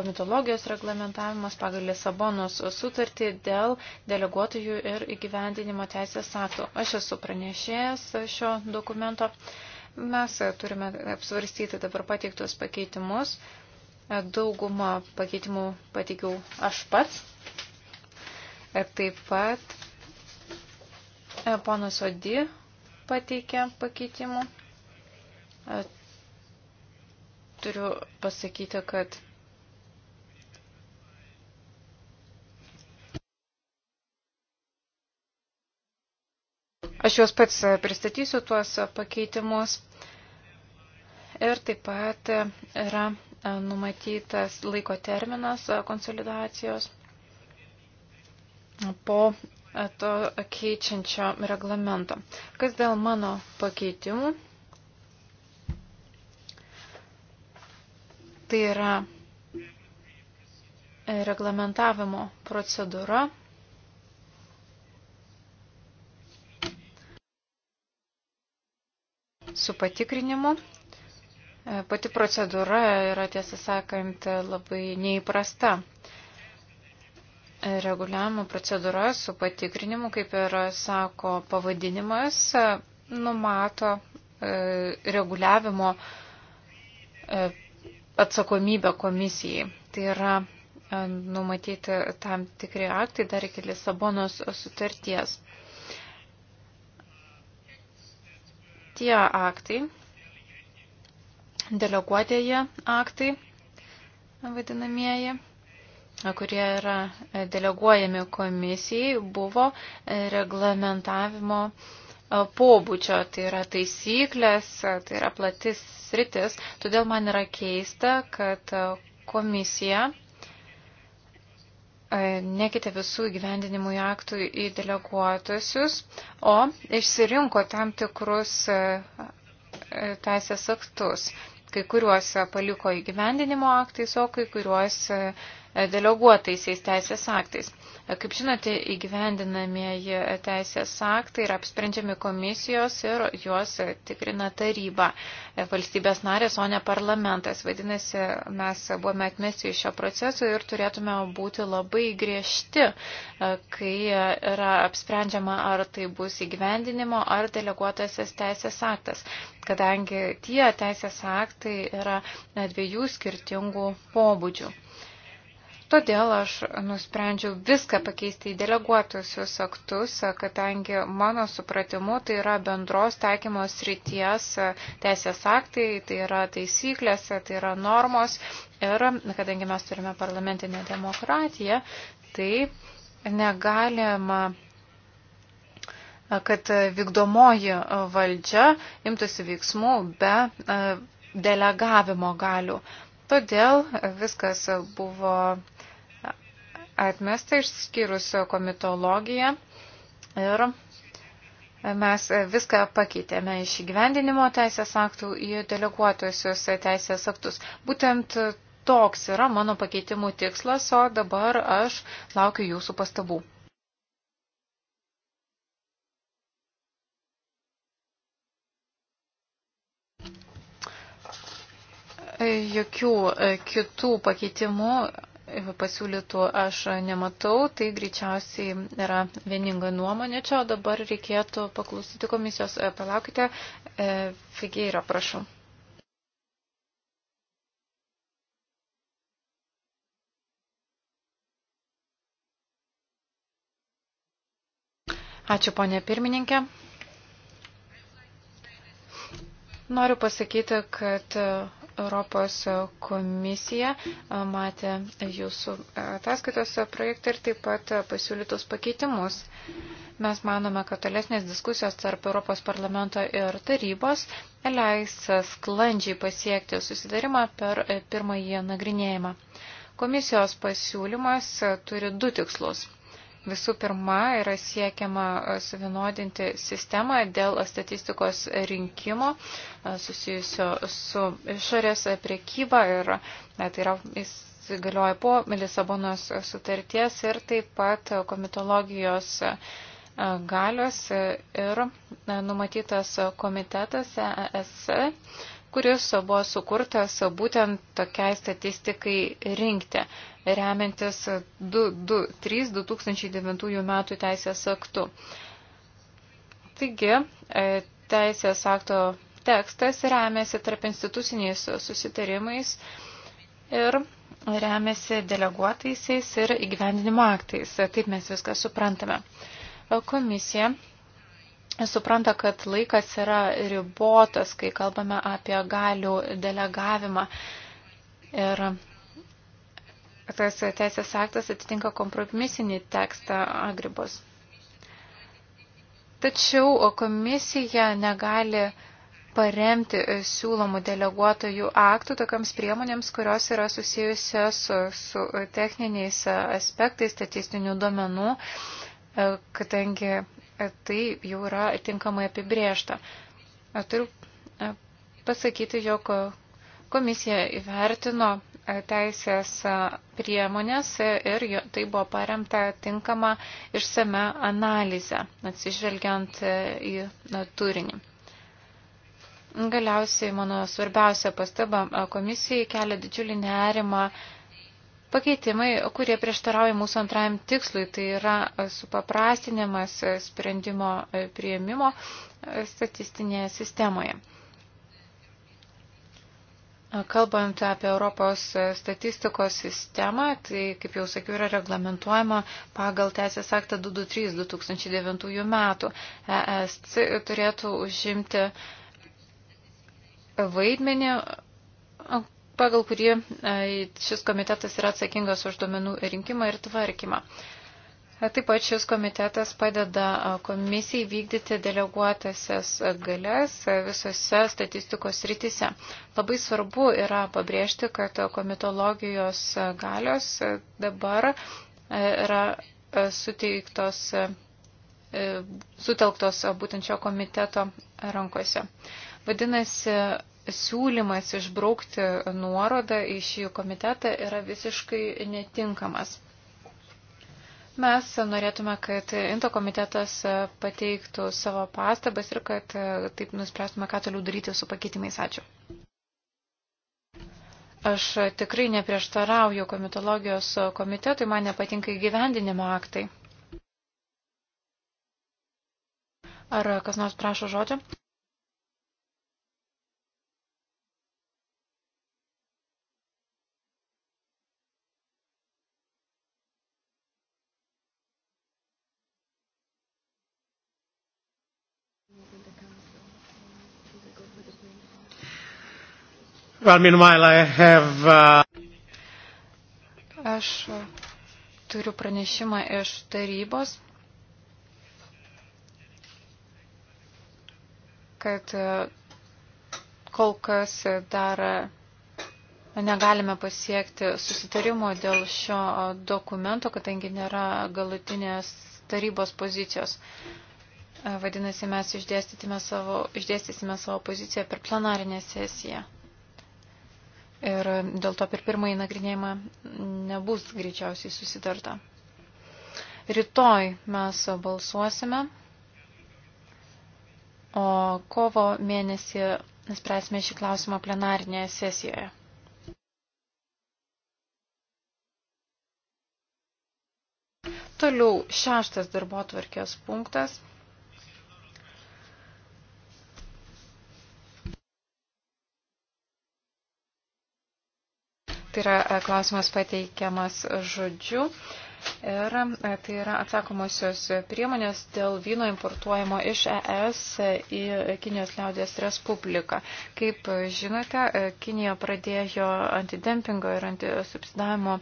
komitologijos reglamentavimas pagal Lisabonos sutartį dėl deleguotojų ir įgyvendinimo teisės aktų. Aš esu pranešėjęs šio dokumento. Mes turime apsvarstyti dabar pateiktus pakeitimus. Daugumą pakeitimų pateikiau aš pats. Taip pat e, ponas Odi pateikė pakeitimų. E, turiu pasakyti, kad Aš juos pats e, pristatysiu, tuos e, pakeitimus. Ir taip pat e, yra numatytas laiko terminas konsolidacijos po to keičiančio reglamento. Kas dėl mano pakeitimų? Tai yra reglamentavimo procedūra su patikrinimu. E, pati procedūra yra, tiesą sakant, labai neįprasta. Reguliavimo procedūra su patikrinimu, kaip ir sako pavadinimas, numato e, reguliavimo e, atsakomybę komisijai. Tai yra numatyti tam tikri aktai dar iki Lisabonos sutarties. tie aktai, deleguotieji aktai, vadinamieji, kurie yra deleguojami komisijai, buvo reglamentavimo pobūdžio, tai yra taisyklės, tai yra platis sritis. Todėl man yra keista, kad komisija E, nekite visų įgyvendinimų aktų į deleguotusius, o išsirinko tam tikrus e, e, teisės aktus. Kai kuriuos paliko įgyvendinimo aktais, o kai kuriuos deleguotaisiais teisės aktais. Kaip žinote, įgyvendinamieji teisės aktai yra apsprendžiami komisijos ir juos tikrina taryba valstybės narės, o ne parlamentas. Vadinasi, mes buvome atmesti iš šio proceso ir turėtume būti labai griežti, kai yra apsprendžiama, ar tai bus įgyvendinimo ar deleguotasis teisės aktas, kadangi tie teisės aktai yra dviejų skirtingų pobūdžių. Todėl aš nusprendžiau viską pakeisti į deleguotusius aktus, kadangi mano supratimu tai yra bendros taikymos ryties teisės aktai, tai yra taisyklės, tai yra normos ir kadangi mes turime parlamentinę demokratiją, tai negalima kad vykdomoji valdžia imtųsi veiksmų be e, delegavimo galių. Todėl viskas buvo atmesta išskyrus komitologiją ir mes viską pakeitėme iš įgyvendinimo teisės aktų į deleguotuosius teisės aktus. Būtent toks yra mano pakeitimų tikslas, o dabar aš laukiu jūsų pastabų. Jokių kitų pakeitimų pasiūlytų aš nematau, tai greičiausiai yra vieninga nuomonė čia, o dabar reikėtų paklausyti komisijos. E, palaukite, e, Figeira, prašau. Ačiū, ponė pirmininkė. Noriu pasakyti, kad Europos komisija matė jūsų ataskaitos projektą ir taip pat pasiūlytus pakeitimus. Mes manome, kad tolesnės diskusijos tarp Europos parlamento ir tarybos leis sklandžiai pasiekti susidarimą per pirmąjį nagrinėjimą. Komisijos pasiūlymas turi du tikslus. Visų pirma, yra siekiama e, suvienodinti sistemą dėl statistikos rinkimo e, susijusio su išorės priekyba ir e, tai yra įsigalioja po Lisabonos sutarties ir taip pat komitologijos galios ir numatytas komitetas ES kuris buvo sukurtas būtent tokiai statistikai rinkti remiantis 3-2009 metų teisės aktu. Taigi, e, teisės akto tekstas remiasi tarp instituciniais susitarimais ir remiasi deleguotaisiais ir įgyvendinimo aktais. Taip mes viską suprantame. Komisija supranta, kad laikas yra ribotas, kai kalbame apie galių delegavimą. Ir tas teisės aktas atitinka kompromisinį tekstą agribos. Tačiau komisija negali paremti e, siūlomų deleguotojų aktų tokiams priemonėms, kurios yra susijusios su, su e, techniniais e, aspektais statistinių duomenų, kadangi tai jau yra tinkamai apibriešta. Turiu pasakyti, jog komisija įvertino teisės priemonės ir tai buvo paremta tinkama išsame analizė, atsižvelgiant į turinį. Galiausiai mano svarbiausia pastaba komisijai kelia didžiulį nerimą pakeitimai, kurie prieštarauja mūsų antrajam tikslui, tai yra supaprastinimas sprendimo prieimimo statistinėje sistemoje. Kalbant apie Europos statistikos sistemą, tai, kaip jau sakiau, yra reglamentuojama pagal Teisės aktą 223-2009 metų. ESC turėtų užimti vaidmenį, pagal kurį e, šis komitetas yra atsakingas už duomenų rinkimą ir tvarkymą. Taip pat šis komitetas padeda komisijai vykdyti deleguotasias galės visose statistikos rytise. Labai svarbu yra pabrėžti, kad komitologijos galios dabar yra suteiktos, e, sutelktos būtent šio komiteto rankose. Vadinasi, siūlymas išbraukti nuorodą į šį komitetą yra visiškai netinkamas. Mes norėtume, kad Into komitetas pateiktų savo pastabas ir kad taip nuspręstume, ką toliau daryti su pakeitimais. Ačiū. Aš tikrai neprieštarauju komitologijos komitetui, man nepatinka įgyvendinimo aktai. Ar kas nors prašo žodžio? Well, meanwhile, I have, uh... Aš turiu pranešimą iš tarybos, kad uh, kol kas dar uh, negalime pasiekti susitarimo dėl šio dokumento, kadangi nėra galutinės tarybos pozicijos. Uh, vadinasi, mes išdėstysime savo, išdėstysime savo poziciją per plenarinę sesiją. Ir dėl to per pirmąjį nagrinėjimą nebus greičiausiai susitarta. Rytoj mes balsuosime, o kovo mėnesį spręsime šį klausimą plenarinėje sesijoje. Toliau šeštas darbo tvarkės punktas – Tai yra e, klausimas pateikiamas žodžiu. Ir e, tai yra atsakomosios priemonės dėl vyno importuojamo iš ES į Kinijos liaudės Respubliką. Kaip žinote, e, Kinija pradėjo antidempingo ir antisubsidavimo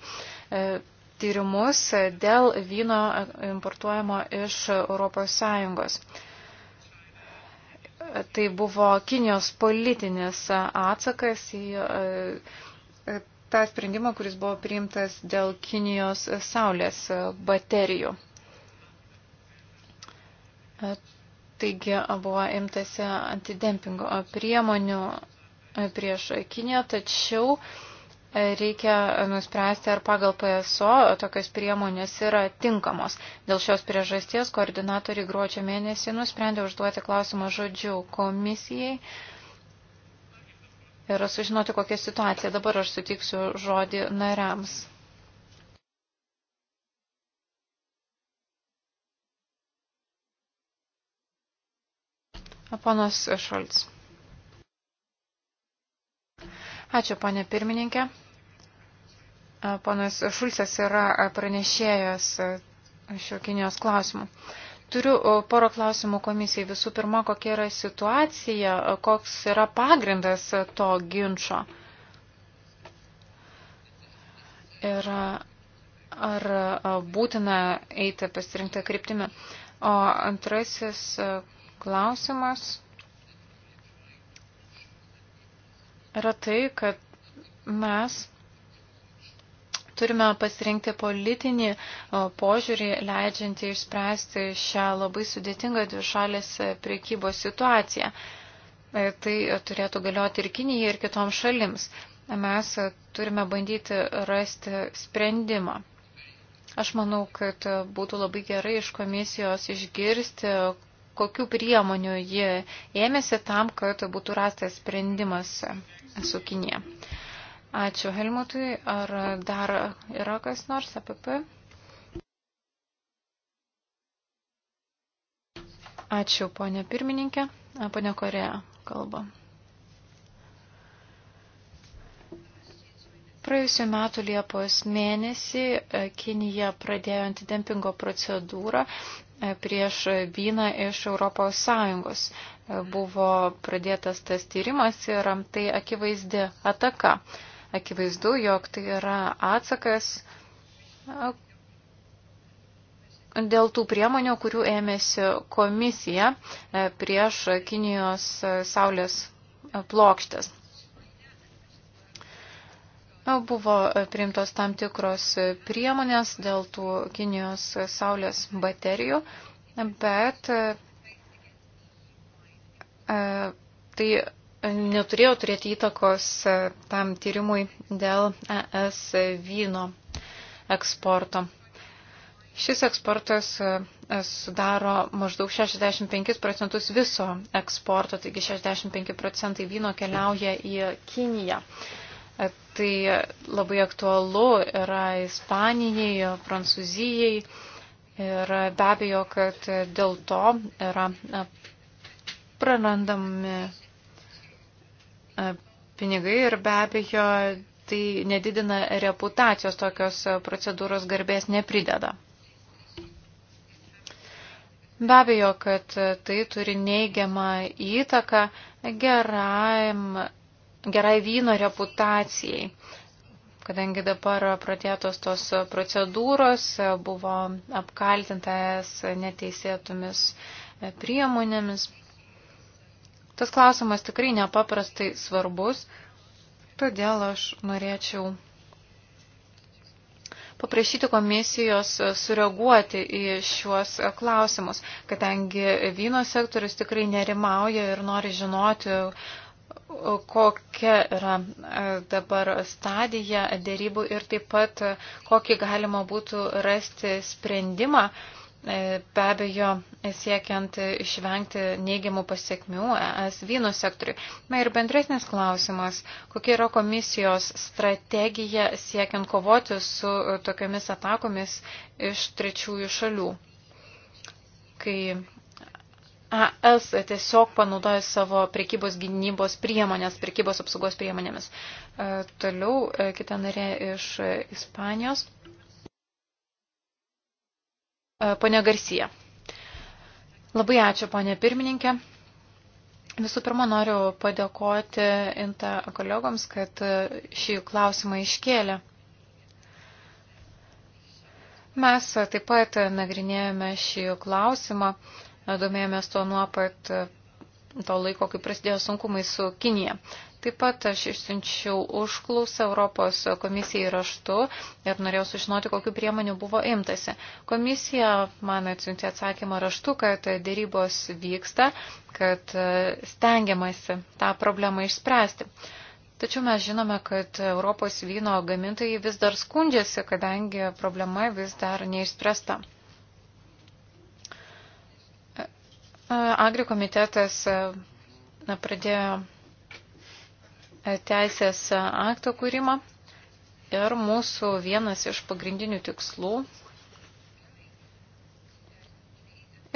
tyrimus dėl vyno importuojamo iš ES. Tai buvo Kinijos politinis atsakas į tą sprendimą, kuris buvo priimtas dėl Kinijos saulės baterijų. Taigi buvo imtasi antidempingo priemonių prieš Kiniją, tačiau reikia nuspręsti, ar pagal PSO tokios priemonės yra tinkamos. Dėl šios priežasties koordinatoriai gruodžio mėnesį nusprendė užduoti klausimą žodžiu komisijai ir sužinoti, kokia situacija. Dabar aš sutiksiu žodį nariams. Ponas Šolts. Ačiū, ponė pirmininkė. Ponas Šulcas yra pranešėjas šio Kinijos klausimų. Turiu poro klausimų komisijai. Visų pirma, kokia yra situacija, koks yra pagrindas to ginčio. Ir ar būtina eiti pasirinktą kryptimį. O antrasis klausimas yra tai, kad mes turime pasirinkti politinį požiūrį, leidžiantį išspręsti šią labai sudėtingą dvišalės e, priekybos situaciją. E, tai turėtų galioti ir Kinijai, ir kitoms šalims. Mes e, turime bandyti rasti sprendimą. Aš manau, kad būtų labai gerai iš komisijos išgirsti, kokiu priemoniu ji ėmėsi tam, kad būtų rastas sprendimas su Kinė. Ačiū Helmutui. Ar dar yra kas nors APP? Ačiū, ponė pirmininkė. Ponė Korea kalba. Praėjusiu metu Liepos mėnesį e, Kinija pradėjo antidempingo procedūrą e, prieš vyną iš Europos Sąjungos. E, buvo pradėtas tas tyrimas ir tai akivaizdi ataka. Akivaizdu, jog tai yra atsakas dėl tų priemonių, kurių ėmėsi komisija e, prieš Kinijos e, saulės e, plokštės. Buvo priimtos tam tikros priemonės dėl tų Kinijos saulės baterijų, bet tai neturėjo turėti įtakos e, tam tyrimui dėl ES vyno eksporto. Šis eksportas e, e, sudaro maždaug 65 procentus viso eksporto, taigi 65 procentai vyno keliauja į Kiniją. Tai labai aktualu yra Ispanijai, Prancūzijai ir be abejo, kad dėl to yra prarandami pinigai ir be abejo tai nedidina reputacijos, tokios procedūros garbės neprideda. Be abejo, kad tai turi neigiamą įtaką gerai, gerai vyno reputacijai, kadangi dabar pradėtos tos procedūros buvo apkaltintas neteisėtomis priemonėmis. Tas klausimas tikrai nepaprastai svarbus, todėl aš norėčiau paprašyti komisijos sureaguoti į šiuos klausimus, kadangi vyno sektorius tikrai nerimauja ir nori žinoti, kokia yra e, dabar stadija dėrybų ir taip pat e, kokį galima būtų rasti sprendimą E, be abejo siekiant išvengti neigiamų pasiekmių ES vynų sektoriui. Na ir bendresnis klausimas, kokia yra komisijos strategija siekiant kovoti su e, tokiamis atakomis iš trečiųjų šalių, kai ES tiesiog panaudoja savo prekybos gynybos priemonės, prekybos apsaugos priemonėmis. E, toliau kita narė iš Ispanijos. E, Pone Garcija. Labai ačiū, ponė pirmininkė. Visų pirma, noriu padėkoti Inta kolegoms, kad e, šį klausimą iškėlė. Mes e, taip pat nagrinėjome šį klausimą, domėjomės tuo nuo pat to laiko, kai prasidėjo sunkumai su Kinija. Taip pat aš išsiunčiau užklausą Europos komisijai raštu ir norėjau sužinoti, kokiu priemonių buvo imtasi. Komisija man atsiuntė atsakymą raštu, kad dėrybos vyksta, kad stengiamasi tą problemą išspręsti. Tačiau mes žinome, kad Europos vyno gamintojai vis dar skundžiasi, kadangi problema vis dar neišspręsta. Agri komitetas pradėjo teisės akto kūrimą ir mūsų vienas iš pagrindinių tikslų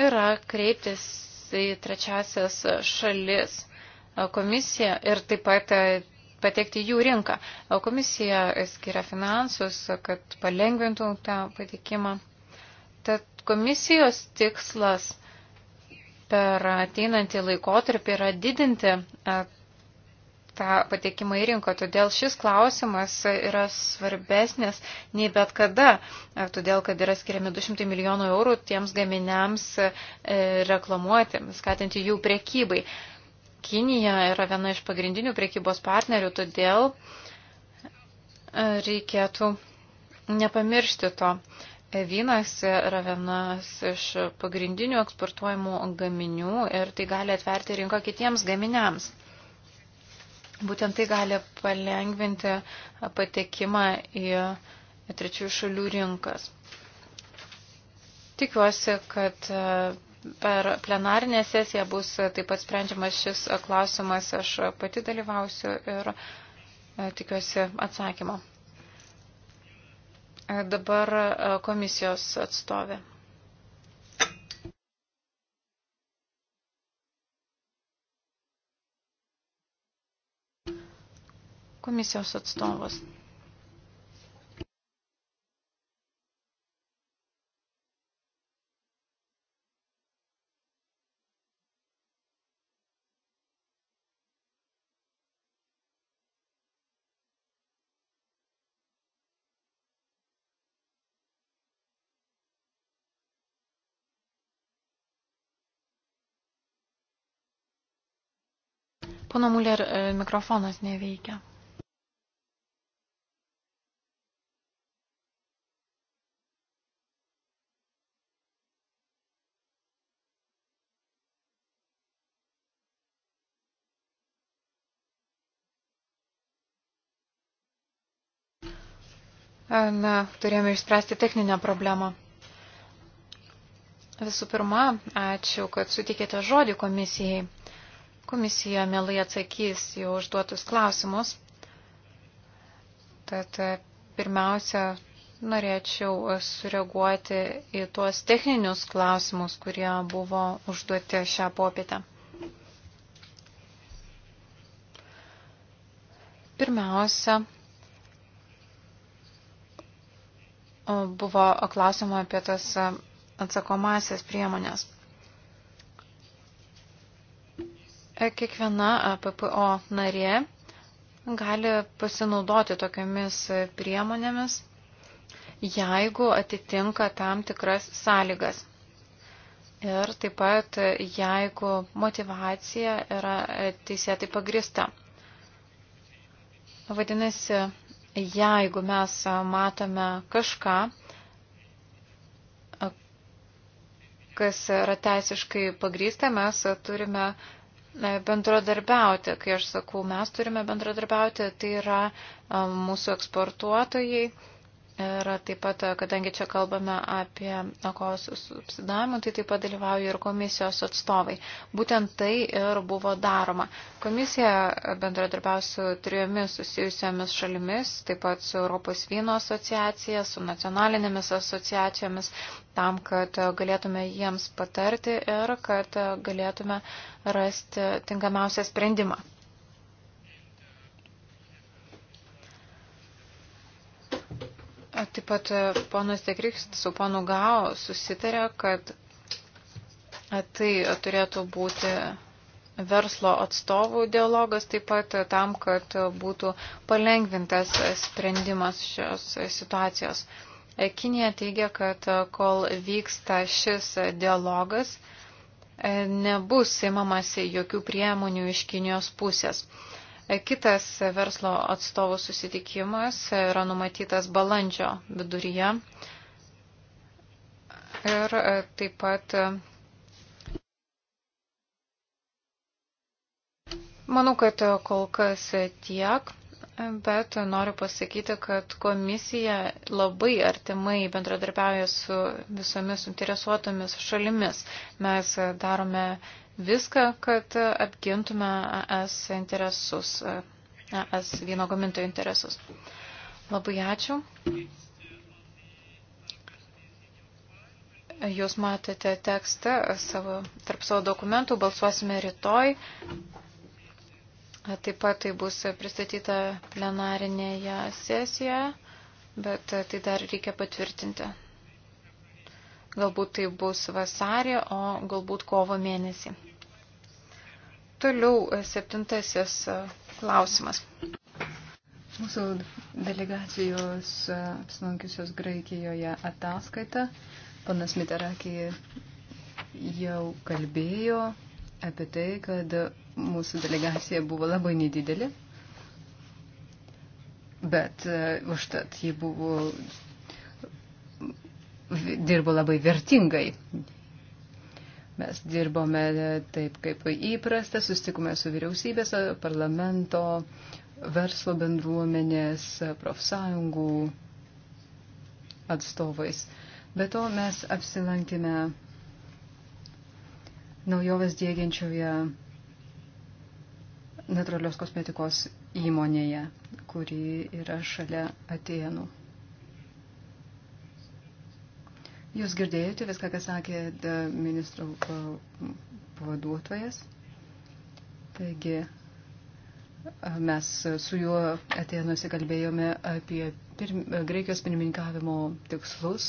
yra kreiptis į trečiasias šalis komisiją ir taip pat patekti jų rinką. Komisija skiria finansus, kad palengvintų tą patikimą. Tad komisijos tikslas per ateinantį laikotarpį yra didinti tą patekimą į rinką. Todėl šis klausimas yra svarbesnis nei bet kada, ar todėl, kad yra skiriami 200 milijonų eurų tiems gaminiams e, reklamuoti, skatinti jų prekybai. Kinija yra viena iš pagrindinių prekybos partnerių, todėl e, reikėtų nepamiršti to. Vynas yra vienas iš pagrindinių eksportuojamų gaminių ir tai gali atverti rinką kitiems gaminiams. Būtent tai gali palengvinti patekimą į trečiųjų šalių rinkas. Tikiuosi, kad e, per plenarinę sesiją bus taip pat sprendžiamas šis klausimas. Aš pati dalyvausiu ir e, tikiuosi atsakymo. E, dabar komisijos atstovė. komisijos atstovas. Pono Muller e, mikrofonas neveikia. Na, turėjome išspręsti techninę problemą. Visų pirma, ačiū, kad sutikėte žodį komisijai. Komisija mielai atsakys jau užduotus klausimus. Tad pirmiausia, norėčiau sureaguoti į tuos techninius klausimus, kurie buvo užduoti šią popietę. Pirmiausia, buvo klausimo apie tas e, atsakomasias priemonės. E, kiekviena e, PPO narė gali pasinaudoti tokiamis priemonėmis, jeigu atitinka tam tikras sąlygas. Ir taip pat, jeigu motivacija yra teisėtai pagrista. Vadinasi, jeigu mes matome kažką, kas yra teisiškai pagrįsta, mes turime bendradarbiauti. Kai aš sakau, mes turime bendradarbiauti, tai yra mūsų eksportuotojai Ir taip pat, kadangi čia kalbame apie nakos subsidavimą, tai taip pat dalyvauja ir komisijos atstovai. Būtent tai ir buvo daroma. Komisija bendradarbiaus su trijomis susijusiamis šalimis, taip pat su Europos vyno asociacija, su nacionalinėmis asociacijomis, tam, kad galėtume jiems patarti ir kad galėtume rasti tinkamiausią sprendimą. Taip pat e, ponas Dekriks su ponu Gao susitarė, kad e, tai turėtų būti verslo atstovų dialogas taip pat e, tam, kad būtų palengvintas sprendimas šios situacijos. Kinija teigia, kad kol vyksta šis dialogas, nebus įmamasi jokių priemonių iš Kinijos pusės. Kitas verslo atstovų susitikimas yra numatytas balandžio viduryje. Ir e, taip pat e, manau, kad kol kas tiek. Bet noriu pasakyti, kad komisija labai artimai bendradarbiauja su visomis interesuotomis šalimis. Mes darome viską, kad apgintume ES interesus, ES vyno gamintojų interesus. Labai ačiū. Jūs matėte tekstą savo, tarp savo dokumentų, balsuosime rytoj. Taip pat tai bus pristatyta plenarinėje sesijoje, bet tai dar reikia patvirtinti. Galbūt tai bus vasarį, o galbūt kovo mėnesį. Toliau e, septintasis e, klausimas. Mūsų delegacijos e, apsilankiusios Graikijoje ataskaita. Panas Mitarakė jau kalbėjo apie tai, kad mūsų delegacija buvo labai nedidelė, bet užtat ji buvo dirbo labai vertingai. Mes dirbome taip, kaip įprasta, sustikome su vyriausybės, parlamento, verslo bendruomenės, profsąjungų atstovais. Be to mes apsilankėme naujoves dėgiančioje natūralios kosmetikos įmonėje, kuri yra šalia Atenų. Jūs girdėjote viską, ką sakė ministro pavaduotojas. Taigi mes su juo atėnuose kalbėjome apie pirm, Graikijos pirmininkavimo tikslus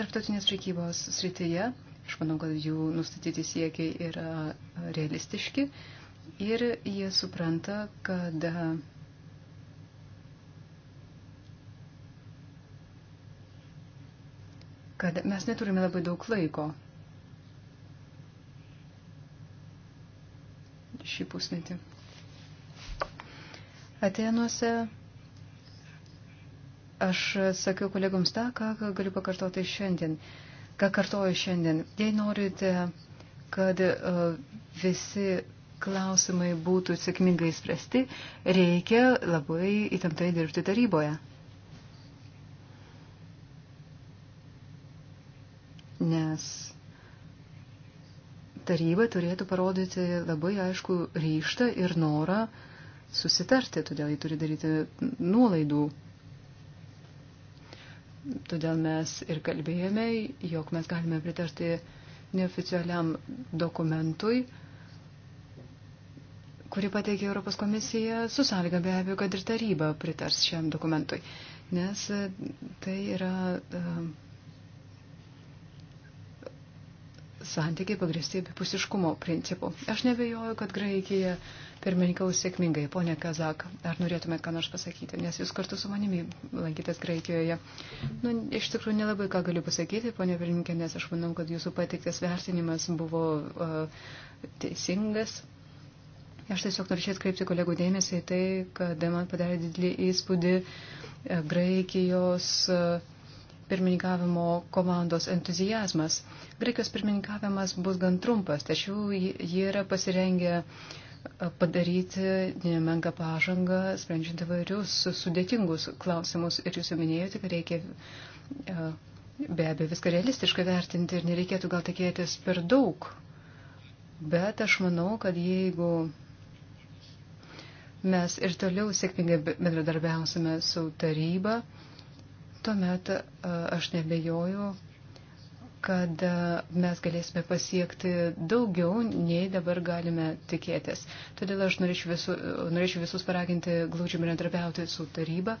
tarptautinės prekybos srityje. Aš manau, kad jų nustatyti siekiai yra realistiški ir jie supranta, kad kad mes neturime labai daug laiko šį pusmetį. Atenuose aš sakiau kolegoms tą, ką galiu pakartoti šiandien. Ką kartoju šiandien? Jei norite, kad uh, visi klausimai būtų sėkmingai spręsti, reikia labai įtemptai dirbti taryboje. nes taryba turėtų parodyti labai aišku ryštą ir norą susitarti, todėl jį turi daryti nuolaidų. Todėl mes ir kalbėjome, jog mes galime pritarti neoficialiam dokumentui, kurį pateikė Europos komisija, su sąlyga be abejo, kad ir taryba pritars šiam dokumentui, nes tai yra. Uh, santykiai pagristi abipusiškumo principu. Aš nebejoju, kad Graikija pirmininkaus sėkmingai. Pone Kazak, ar norėtumėt ką nors pasakyti, nes jūs kartu su manimi lankytės Graikijoje. Nu, iš tikrųjų nelabai ką galiu pasakyti, pone pirmininkė, nes aš manau, kad jūsų pateiktas vertinimas buvo uh, teisingas. Aš tiesiog norėčiau atkreipti kolegų dėmesį į tai, kad man padarė didelį įspūdį uh, Graikijos. Uh, pirmininkavimo komandos entuzijazmas. Graikijos pirmininkavimas bus gan trumpas, tačiau jie yra pasirengę padaryti nemenką pažangą, sprendžiant įvairius sudėtingus klausimus. Ir jūs jau minėjote, kad reikia be abejo viską realistiškai vertinti ir nereikėtų gal tikėtis per daug. Bet aš manau, kad jeigu mes ir toliau sėkmingai bendradarbiausime su taryba, tuomet e, aš nebejoju, kad e, mes galėsime pasiekti daugiau, nei dabar galime tikėtis. Todėl aš norėčiau, visu, norėčiau visus paraginti glaudžiai bendradarbiauti su taryba.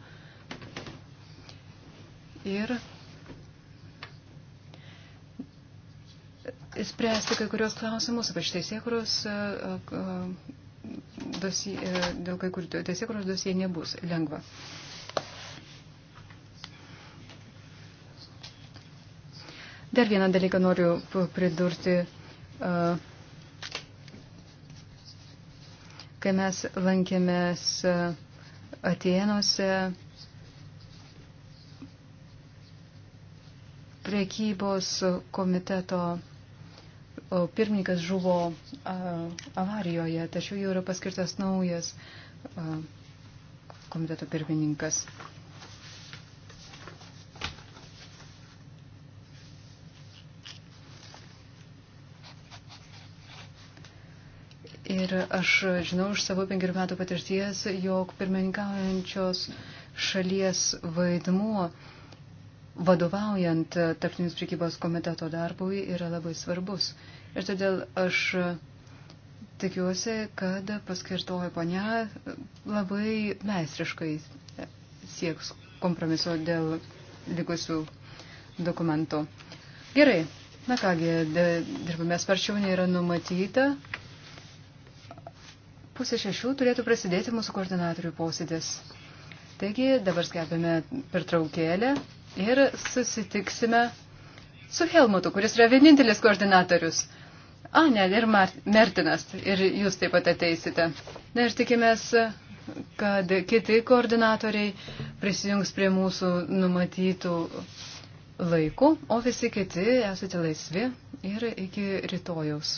Ir spręsti kai kurios klausimus apie šitai sėkuros e, dėl kai kurių teisėkuros dosie nebus lengva. Dar vieną dalyką noriu pridurti. Kai mes lankėmės Atenuose, priekybos komiteto pirmininkas žuvo avarijoje, tačiau jau yra paskirtas naujas komiteto pirmininkas. Ir aš žinau iš savo penkerių metų patirties, jog pirmininkaujančios šalies vaidmuo vadovaujant tarptautinius prekybos komiteto darbui yra labai svarbus. Ir todėl aš tikiuosi, kad paskirtoji ponia labai meistriškai sieks kompromiso dėl likusių dokumentų. Gerai, na kągi, dirbame sparčiau nei yra numatyta pusė šešių turėtų prasidėti mūsų koordinatorių posėdis. Taigi dabar skelbėme pertraukėlę ir susitiksime su Helmutu, kuris yra vienintelis koordinatorius. A, ne, ir Mertinas, ir jūs taip pat ateisite. Na ir tikimės, kad kiti koordinatoriai prisijungs prie mūsų numatytų laikų, o visi kiti esate laisvi ir iki rytojaus.